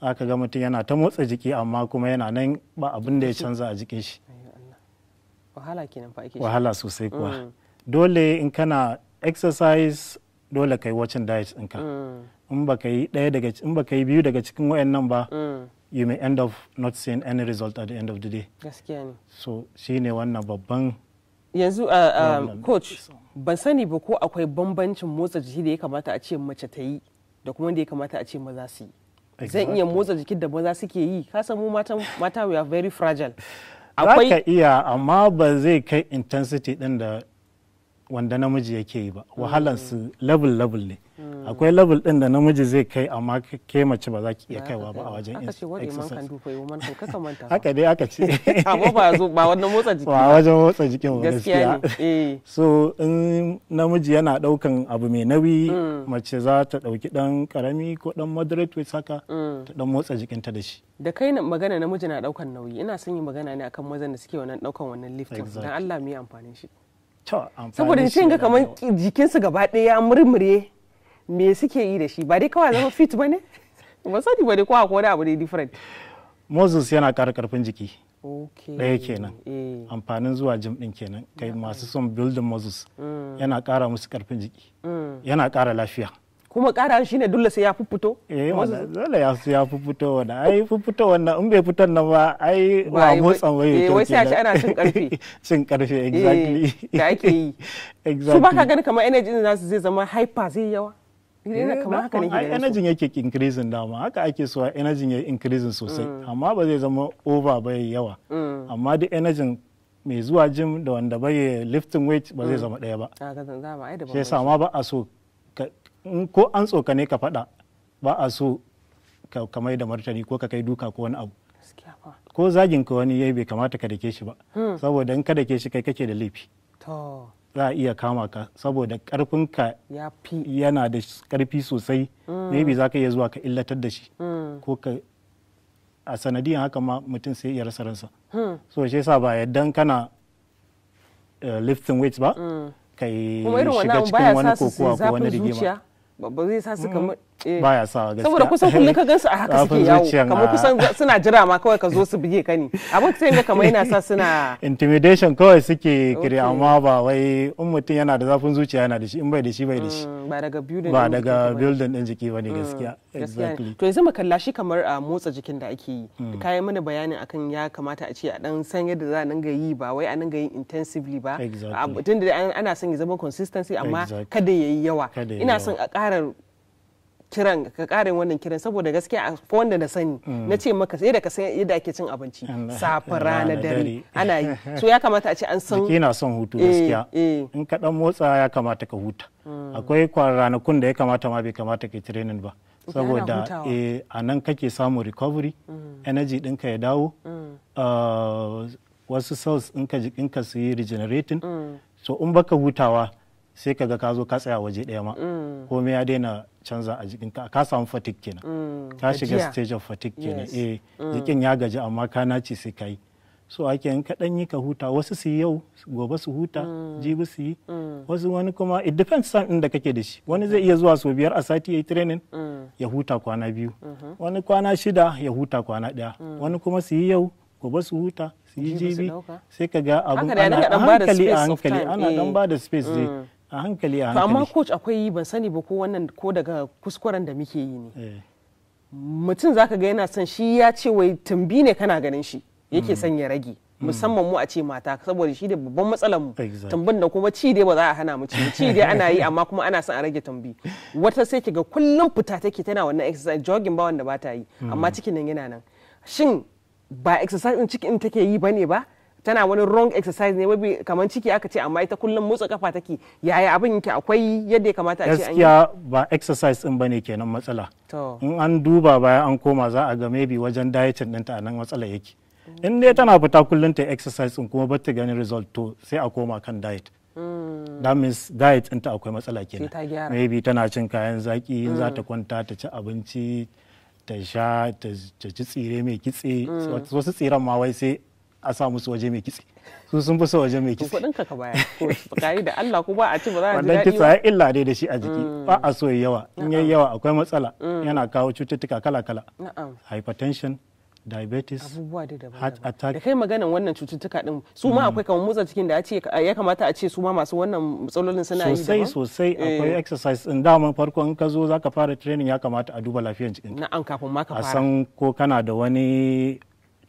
aka ga mutum yana ta motsa jiki amma kuma yana nan ba abin da ya canza a jikin shi wahala kenan fa ake wahala sosai kuwa mm. dole in kana exercise dole kai wacin diet ɗinka mm. in ba ka yi ɗaya daga in ba ka yi biyu daga cikin wayannan ba you may end up not seeing any result at the end of the day gaskiya ne so shine wannan babban yanzu uh, uh, coach ban sani ba ko akwai bambancin motsa jiki da ya kamata a ce mace ta yi da kuma da ya kamata a ce maza su yi zan iya motsa jikin da maza suke yi kasan san mu mata mata we are very fragile akwai ka iya amma ba zai kai intensity din da wanda namiji yake yi ba wahalar su mm. level level ne akwai level din da namiji zai kai amma ke mace ba za ki iya kaiwa ba a wajen exercise haka dai aka ce amma ba zo ba wannan motsa jiki ba wajen motsa jikin gaskiya eh. so in namiji yana daukan abu mai nauyi mm. mace za ta dauki dan karami ko dan moderate weight haka mm. ta dan motsa jikinta da shi da kai magana namiji na daukan nauyi ina son yin magana ne akan mazan da suke wannan daukan wannan lifting dan Allah mu yi amfanin shi saboda shi ga kamar jikinsu gaba ɗaya murmure me suke yi da shi ba dai kawai zama fit ba ne ba sani ba dai kowa ko da abu ne different moses yana ƙara ƙarfin jiki ɗaya kenan eh. amfanin zuwa jim ɗin kenan kai masu son building moses mm. yana ƙara musu ƙarfin jiki mm. yana ƙara lafiya kuma kara shi ne dole sai ya fito eh dole ya ya fito wanda ai fito wannan in bai fitar nan ba ai ba motsan waye eh, kyau wai sai a ce ana cin ƙarfi cin ƙarfi exactly da eh, ake yi su ka gani kamar energy din nasu zai zama hyper zai yawa Eh, energy yake increasing dama haka ake so energy ya increasing sosai mm. amma ba zai zama over bai yawa mm. amma duk energy mai zuwa jim da wanda bai lifting weight ba zai mm. zama daya ba shi yasa ma ba a so ko an tsokane ka faɗa ba a so ka kamar da martani ko ka kai duka ko wani abu ko zagin ka wani yayi bai kamata ka dake shi ba hmm. saboda in ka dake shi kai kake da laifi za a iya kama ka saboda karfinka yana da karfi sosai mm. bi za ka iya zuwa ka illatar da shi mm. ko ka a sanadiyan haka ma mutum sai ya rasa ransa hmm. so shi yasa ba yadda kana eh, lifting weights ba mm. kai shiga cikin wani kokowa ko wani rigima ba zai sa su Eh. baya sawa gaskiya saboda kusan kullum ka gan su a haka suke yawo kamar kusan suna jira ma kawai ka zo su bige ka ne abin sai da kamar yana sa suna intimidation kawai suke kire amma ba wai in mutum yana da zafin zuciya yana da shi in bai da shi bai da shi mm, ba daga building ba daga building din jiki bane mm, gaskiya exactly to yanzu mu kalla shi kamar a ah, motsa jikin da ake yi mm. yi mana bayanin akan ya kamata a ce a dan san yadda za a dinga yi ba wai a dinga yin intensively ba ah, tunda ana son ya zama consistency amma kada yayi yawa ina son a ƙara kiran ka karin wannan kiran saboda gaskiya a wanda na sani mm. na ce maka sai da ka san yadda ake cin abinci safe rana dare ana yi so ya kamata a ce an san kina son hutu gaskiya eh, eh. in ka dan motsa ya kamata ka huta mm. akwai ranakun da ya kamata ma bai kamata ka training ba saboda eh, a nan kake samun recovery mm. energy ɗinka ya dawo ah, wasu cells ɗinka jikinka su yi regenerating so in baka hutawa sai ka ga ka zo ka tsaya waje ɗaya ma mm. komai ya daina canza a jikinka ka samu fatigue kenan mm. ka shiga stage of fatigue kenan eh mm. jikin ya gaji amma ka naci sai ka yi so ake in kaɗan yi ka huta wasu su yi yau gobe su huta jibi su yi wasu wani kuma it depends san inda kake da shi wani zai iya zuwa sau biyar a sati ya yi training ya huta kwana biyu mm-hmm. wani kwana shida ya huta kwana ɗaya wani kuma su yi yau gobe su huta su yi jibi sai ka ga abin ana hankali a hankali ana dan eh. ba da space zai a hankali a hankali amma coach akwai ban sani ba ko wannan ko daga kuskuren da muke yi ne eh. mutum zaka ga yana son shi ya ce wai tumbi ne kana ganin shi yake mm. son ya rage mm. musamman mu a ce mata saboda shi da babban matsalar mu tumbin da kuma ci dai ba za a hana mu ci ci dai ana yi amma kuma ana son a rage tumbi wata sai ga kullum fita take tana wannan exercise jogging ba wanda ba ta yi amma mm. cikin nan yana nan shin ba exercise din cikin take yi bane ba tana wani wrong exercise ne maybe kamar ciki aka ce amma ita kullum motsa kafa take yaya abin yake akwai yadda ya kamata a ce an gaskiya ba exercise din bane kenan matsala in an duba bayan an koma za a ga maybe wajen dieting ta a nan matsala yake in dai tana fita kullum ta exercise din kuma bata gani result to sai a koma kan diet hmm. that means diet din ta akwai matsala kenan maybe tana cin kayan zaki in za ta hmm. kwanta ta ci abinci ta sha ta ci tsire mai kitse hmm. wasu tsiran ma wai sai a sa musu waje mai kitse su sun fi so waje mai kitse kudin ka ka baya ko kai da Allah ko ba a ci ba za a ji daɗi wannan kitsa ya illa dai da shi a jiki mm. ba a so yawa in yayi yawa akwai matsala mm. yana kawo cututtuka kala kala hypertension diabetes heart attack da kai maganan wannan cututtuka din su ma mm. akwai kamar motsa cikin da ya kamata a ce su ma masu wannan matsalolin suna yi sosai sosai eh. akwai exercise in dama farko in ka zo zaka fara training ya kamata a duba lafiyar jikin na'am kafin ma ka fara a san ko kana da wani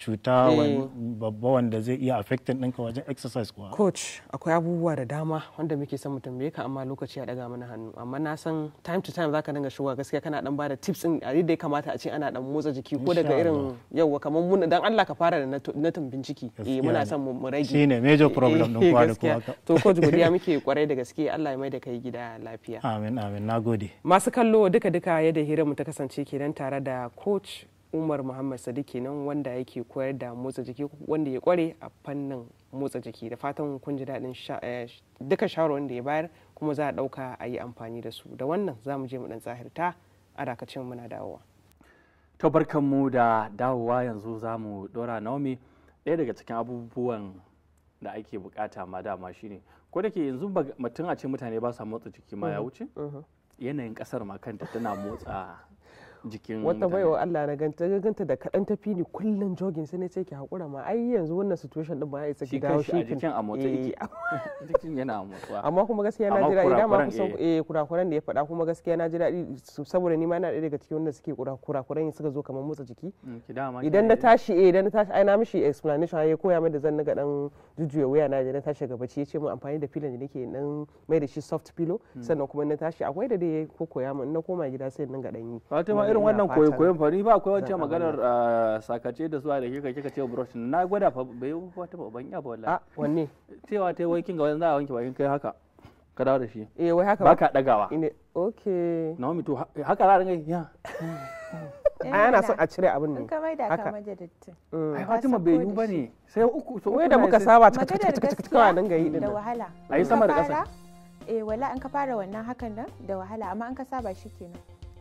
cuta eh. babba wanda zai iya affected ɗinka wajen exercise kuwa coach akwai abubuwa da dama wanda muke son mu bai ka amma lokaci ya daga mana hannu amma na san time to time zaka dinga shigowa gaskiya kana dan bada tips din a yadda ya kamata a ce ana dan motsa jiki ko daga irin yawa kamar mun dan Allah ka fara da na tumbin ciki eh muna son mu rage shine major problem din kwa da kwa to coach godiya muke kwarai da gaske Allah ya mai da kai gida lafiya amin amin nagode masu kallo duka duka yadda hirar mu ta kasance kenan tare da coach umar muhammad sadiq kenan wanda yake koyar da motsa jiki wanda ya kware a fannin motsa jiki da fatan kun ji daɗin eh, duka shawarwarin da ya bayar kuma za a ɗauka a yi amfani da su da wannan za mu je mu ɗan tsahirta a dakacin muna dawowa to mu da dawowa yanzu za mu ɗora naomi ɗaya daga cikin abubuwan da ake bukata ma dama shine ko da ke yanzu mutum a ce mutane ba sa motsa jiki ma ya mm-hmm. wuce mm-hmm. yanayin kasar ma kanta tana motsa jikin wata baiwa Allah na ganta ganta da kadan tafi ni kullun jogging sai ne sai ki hakura ma ai yanzu wannan situation din ba ya isa ki dawo shi jikin a motsa eh. yake jikin yana motsa amma kuma gaskiya na jira idan ma kusan eh. eh kurakuran da ya faɗa kuma gaskiya na jira saboda ni ma na daga cikin wanda suke kurakuran suka zo kamar motsa jiki mm, idan na tashi eh idan na tashi ai na mishi explanation ya koya mai da zan naga dan jujuya waya na na tashi gaba ce yace mu amfani da pillow da nake nan mai da shi soft pillow mm. sannan kuma na tashi akwai da dai ko koya mun na koma gida sai nan ga dan yi irin wannan koyo koyon fa ni ba akwai wancan maganar ah, sakace da zuwa da kika kika ce brush na gwada fa bai yi ta ban ya ba wallahi ah wanne cewa tai wai kinga wani za a wanke bakin kai haka ka dawo da shi eh wai haka baka dagawa ine okay na to haka za a ringa ya eh, a yana son a cire abin nan ne ka da ka maje mm. ai Fatima bai yi bane sai uku so wai da muka saba ta ta ta ta nan ga yi din da wahala ai sama da kasa eh wala an ka fara wannan hakan nan da wahala amma an ka saba shikenan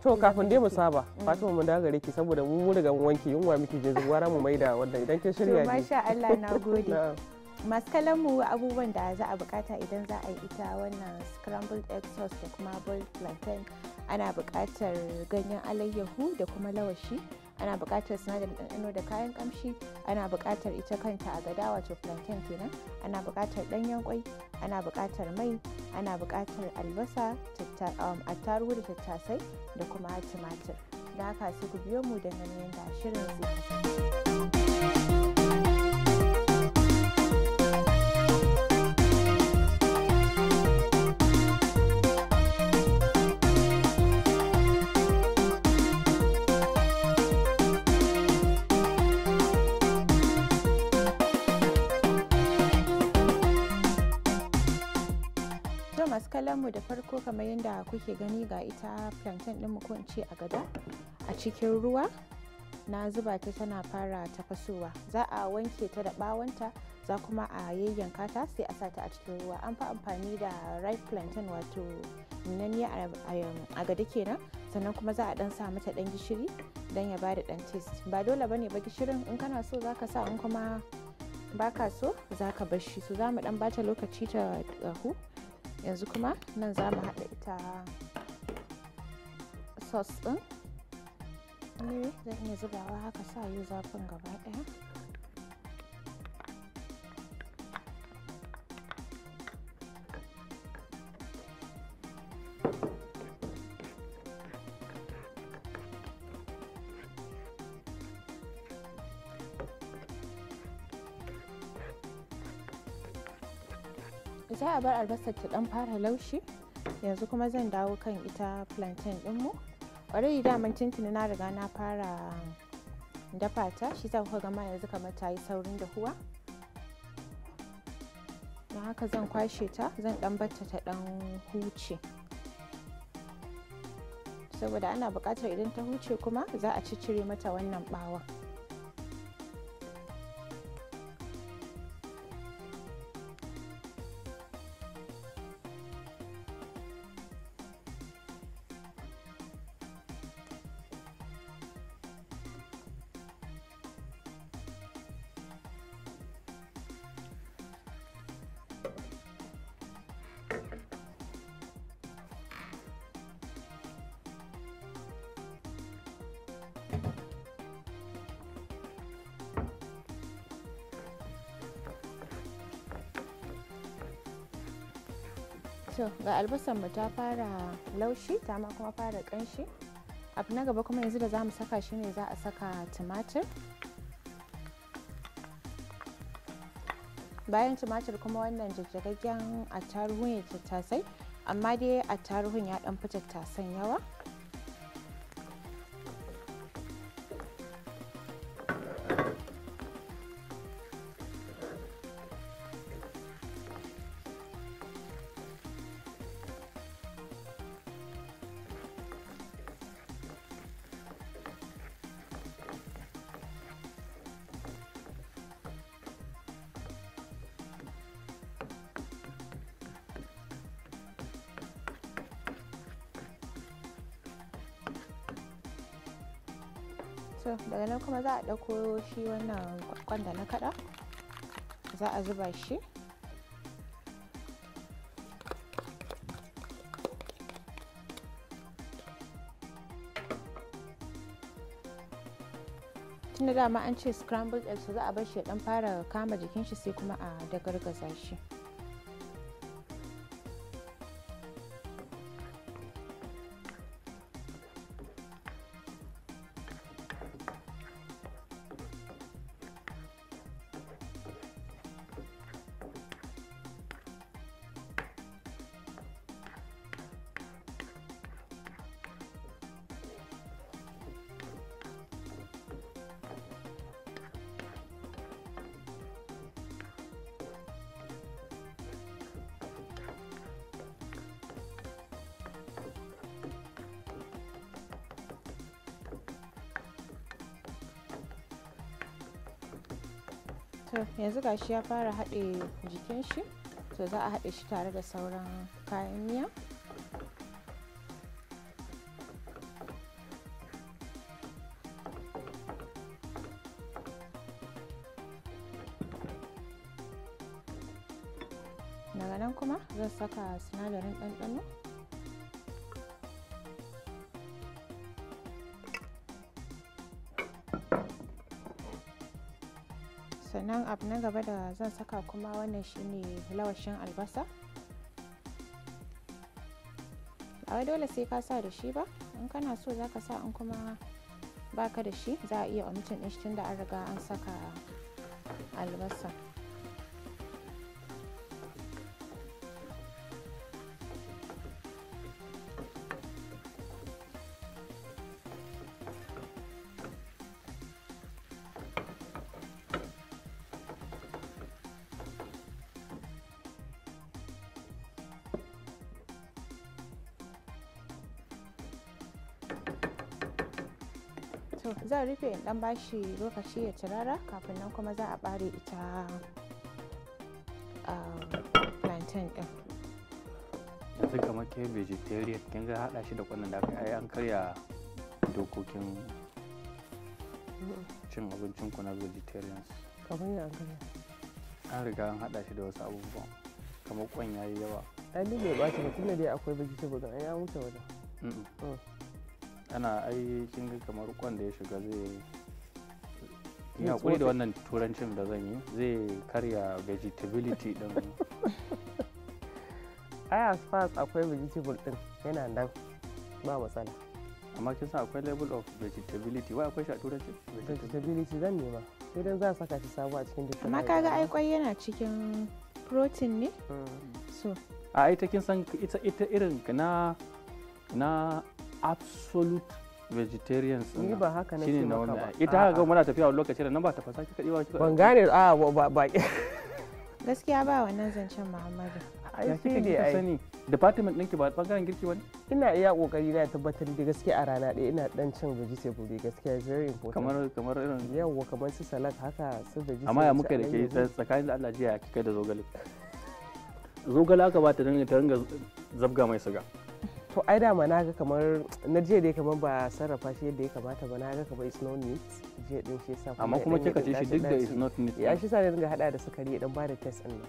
to kafin dai mu saba fatima mu da gare ki saboda mu riga mun wanke yunwa miki je gwara mu maida wanda idan kin shirya ne to masha Allah nagode masu kalan mu abubuwan da za a bukata idan za a yi ita wannan scrambled egg sauce da kuma boiled plantain ana bukatar ganyen alayyahu da kuma lawashi ana buƙatar sinadarin ɗanɗano da kayan ƙamshi ana buƙatar ita kanta a gada wato plantain kenan ana buƙatar ɗanyen kwai ana buƙatar mai ana buƙatar albasa um, attarugu da tattasai da kuma tumatir da haka su ku biyo mu da ganin yadda shirin zai kallon mu da farko kamar yadda kuke gani ga ita plantain ɗinmu ko in ce gada a cikin ruwa na zuba ta tana fara tafasowa za a wanke ta da ɓawonta za kuma a yayyanka ta sai a sa ta a cikin ruwa an fi amfani da ripe plantain wato a gada kenan sannan kuma za a ɗan sa mata ɗan gishiri don ya bada ɗan taste ba dole bane ba gishirin in kana so za ka sa in kuma baka so za ka bar shi su za mu ɗan bata lokaci ta dahu yanzu kuma nan za mu haɗa ita sos ɗin ne zan iya zubawa haka sa yi zafin gaba ɗaya za a bar albasar ta dan fara laushi yanzu kuma zan dawo kan ita plantain mu already daman cincin na riga na fara dafa ta shi za kuka gama yanzu kamar ta yi saurin dahuwa don haka zan kwashe ta zan dan ta dan huce saboda ana bukatar idan ta huce kuma za a ciccire mata wannan ɓawon to ga albasan mu ta fara laushi ta ma kuma fara kanshi abu na gaba kuma yanzu da za mu saka shi ne za a saka tumatir bayan tumatir kuma wannan jajjagaggen attaruhu ne tattasai amma dai attaruhun ya dan fi tattasan yawa za a ɗauko shi wannan kwanda na kaɗa za a zuba shi tunda dama an ce scramble eggs za a bar shi ya ɗan fara kama jikin shi sai kuma a dagargaza shi to yanzu shi ya fara haɗe jikin shi to za a haɗe shi tare da sauran kayan miya abu na gaba da zan saka kuma wannan shine lawashin albasa ba dole sai ka sa da shi ba in kana so za ka sa in kuma baka da shi za a iya omitin ɗin shi da an riga an saka albasa zan rufe in dan bashi lokaci ya cirara kafin nan kuma za a bare ita ah, plantain din yanzu kamar ke vegetarian kin ga hada shi da kwanan da aka yi an karya dokokin cin abincin ku na vegetarians kamar ya karya an riga an hada shi da wasu abubuwan kamar kwan yayi yawa ai ne bai ba shi mutum ne dai akwai vegetable ai an wuce wajen ana ai kin ga kamar kwan da ya shiga zai yi hakuri da wannan turancin da zan yi zai karya vegetability din far as akwai vegetable din yana nan ba matsala amma kin san akwai level of vegetability wai akwai shi a turanci vegetability zan nema idan za a saka shi sabo a cikin dukkan amma kaga ai kwai yana cikin protein ne mm. so a ita kin san ita ita irin na na absolute vegetarians ni ba haka nake na wannan ita ga muna tafiya wani lokaci nan ba ta fasa kika diba kika ban gane a ba ba gaskiya ba wannan zancen Muhammadu ai ne ai sani department ɗinki ba bangaren girki bane ina iya kokari na tabbatar da gaskiya a rana ɗaya ina dan cin vegetable dai gaskiya is very important kamar kamar irin yawa kamar su salad haka su vegetable amma ya muka da ke tsakanin da Allah jiya ya kika da zogale zogale aka ba ta dinga ta dinga zabga mai siga to ai da na ga kamar na je dai kamar ba sarrafa shi yadda ya kamata ba na ga kamar it's not neat jiya din shi yasa amma kuma kika ce shi duk da it's not neat ya eh. shi sa ne dinga hada da sukari idan ba da test din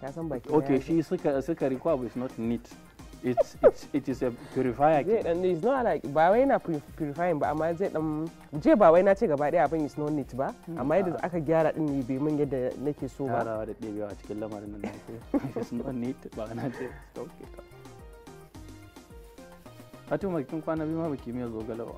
ka san baki okay shi suka sukari ko abu is not neat it's it's it is a purifier zai dan is not like ba wai na purifying ba amma zai dan je ba wai na ce gaba daya abin is not neat ba hmm. amma yadda aka gyara din ne bai min yadda nake so ba gyarawa da ɗebewa cikin lamarin nan nake is not neat ba na ce okay fatima kin kwana biyu ma baki miya zogale ba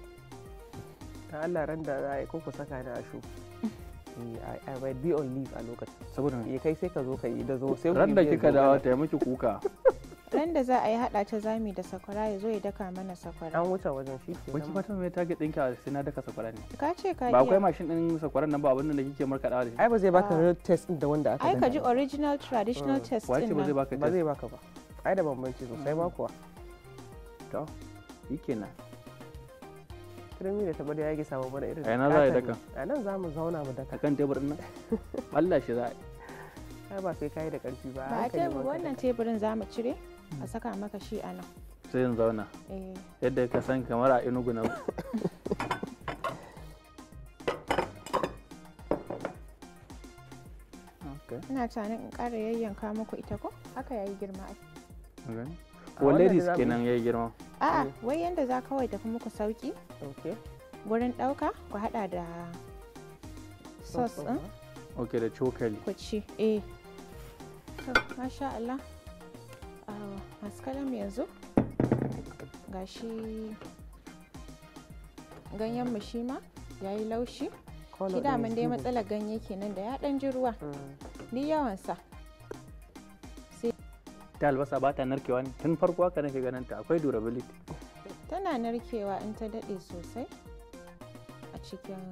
ta Allah ran da za a yi ko ku saka da ashu eh, I will be on leave a lokacin saboda me eh, kai sai ka zo ka yi da zo sai ran da kika dawo ta miki kuka ran da za a yi hada ta zami da sakwara ya zo ya daka mana sakwara an wuce wajen shi ke wani fatan mai target ɗinki a sai na daka sakwara ne ka ce ka ba akwai mashin ɗin sakwaran nan ba abin da kike markaɗa da shi ai ba zai baka ah. real test ɗin da wanda aka ai ka ji original traditional mm. test ɗin ba zai baka ba zai baka ba ai da bambanci sosai ba mm. kuwa to shi kenan turmi da tabar ya yi samu bana irin na za a yi daka a nan za mu zauna mu daka akan tebur ɗin nan balla shi za a yi kai ba sai kai da ƙarfi ba ba a tebur wannan teburin za mu cire hmm. a saka maka shi a nan sai in zauna eh. yadda ka san kamar a inugu na ina tunanin in ƙara yayyanka muku ita ko haka yayi girma ai ladies kenan ya girma a'a mm. wai yanda za kawai tafi muku sauki wurin ɗauka ku haɗa da sos ɗin ok da cokali ku ci eh to masha Allah ah, masu kalam yanzu gashi ganyen mashi ma ya yayi laushi shi daman dai matsalar ganye kenan da ya ɗan ji ruwa mm. ni yawansa ta albasa ba ta narkewa ne tun farko haka nake ganin ta akwai durability tana narkewa in ta dade sosai a cikin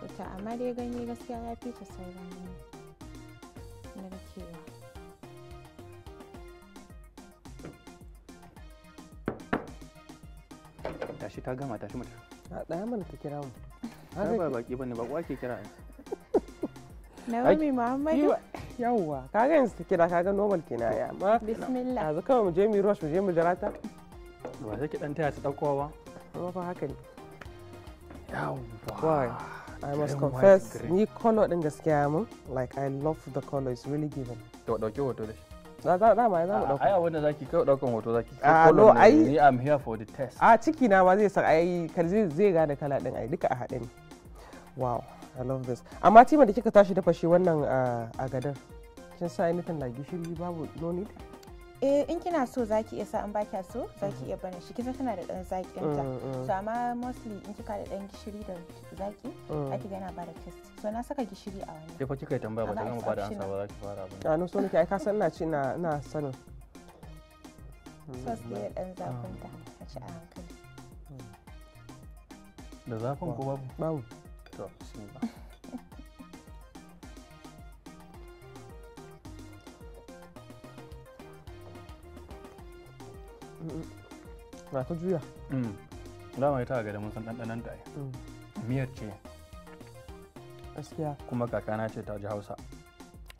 wuta amma dai ganye gaskiya ya fi ta sauran narkewa tashi ta gama tashi mata a ɗaya mana ta kira mu ba baki bane ba kwa ke kira ne Naomi Muhammadu. Yawwa, kaga yanzu ta kira kaga normal kenan ya amma. Bismillah. Yanzu kawai mu je mu rush mu je mu jira ta. Ba sai ki dan taya ta daukowa ba. Kuma fa haka ne. Yawwa. I must confess, ni color din gaskiya mun like I love the color it's really given. To dauki hoto da shi. za za za ma za mu dauka ai wanda zaki kai daukan hoto zaki a ah, no ai ni am here for the test a ciki na ma zai san ai zai gane kala din ai duka a haɗe ne wow I love this. Amma tima da kika tashi dafa shi wannan a gadar. Kin sa anything like gishiri babu no need? Eh in kina so zaki iya sa an baki so zaki mm-hmm. iya barin shi kisa tana da dan zaki ta. So amma mostly in kika da dan gishiri da mm. zaki ake gana ba da taste. So na saka gishiri a wani. dafa kika tambaya ba ta gama ba da ansa ba zaki fara ba Ah no so nake ai ka san ina ci ina ina sanin. Sos da dan zakin ta mm-hmm. a ci a hankali. Mm. Da zafin ko babu? Babu. To, bismillah. Ba ku juya. Dama ita a gada mun san ɗanɗanan Miyar ce. Gaskiya. Kuma kakana ce ta ji Hausa.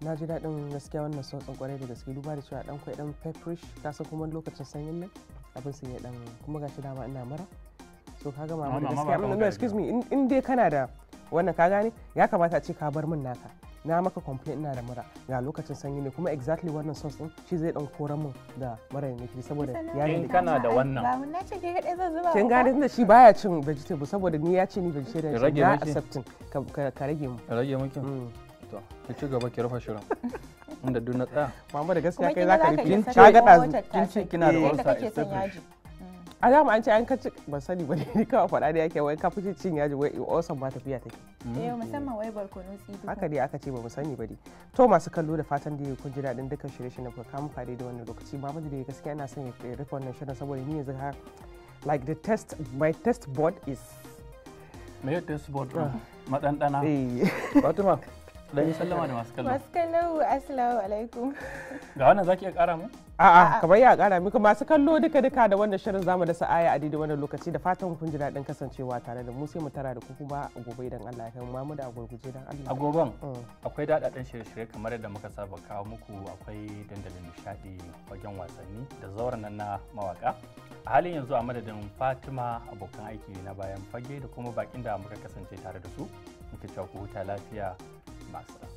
na ji daɗin gaskiya wannan sautin kwarai da gaske duba da cewa dan kwai dan pepperish kasa kuma lokacin sanyin nan abin sun yi dan kuma gashi dama ina so mama excuse me in dai kana da wannan ka gane ya kamata a ce ka bar min naka na maka complain ina da mura ga lokacin sanyi ne kuma exactly wannan sauce din shi zai dan koran mun da mura ne nake saboda ya ne kana da wannan ba mun nace ke kadai zan zuba kin gane tunda shi baya cin vegetable saboda ni ya ce ni vegetarian shi na accepting ka rage mu rage miki mm. to ki ci gaba ki rufa shirin inda duk na tsaya mama da gaskiya kai zaka rufe kin ci ga kin ci kina da ulcer a dama an ce an kaci ban sani ba ne kawai faɗa da yake wai kafin cin yaji wai osan ba tafiya take mm. eh musamman wai barkono tsibi haka dai aka ce ba mu sani ba dai to masu kallo da fatan da kun ji daɗin dukkan shirye-shiryen da kuka muka da wannan lokaci ba mu da gaskiya ina son ya rufe wannan shirin saboda ni yanzu ha like the test my test board is me test board dana ah. eh fatima dan sallama da masu kallo masu kallo assalamu alaikum ga wannan zaki iya kara mu a'a kamar ya kara muku masu kallo duka duka da wannan shirin zamu da sa'aya a daidai wannan lokaci da fatan kun ji daɗin kasancewa tare da mu sai mu tara da ku kuma a gobe idan Allah ya kai mu da gurguje dan Allah a goben mm. akwai dadadan shirye-shirye kamar yadda muka saba kawo muku akwai dandalin nishadi wajen wasanni da zawar nan na mawaka a halin yanzu a madadin Fatima abokan aiki na bayan fage da kuma bakin da muka kasance tare da su Muka cewa ku huta lafiya Basra.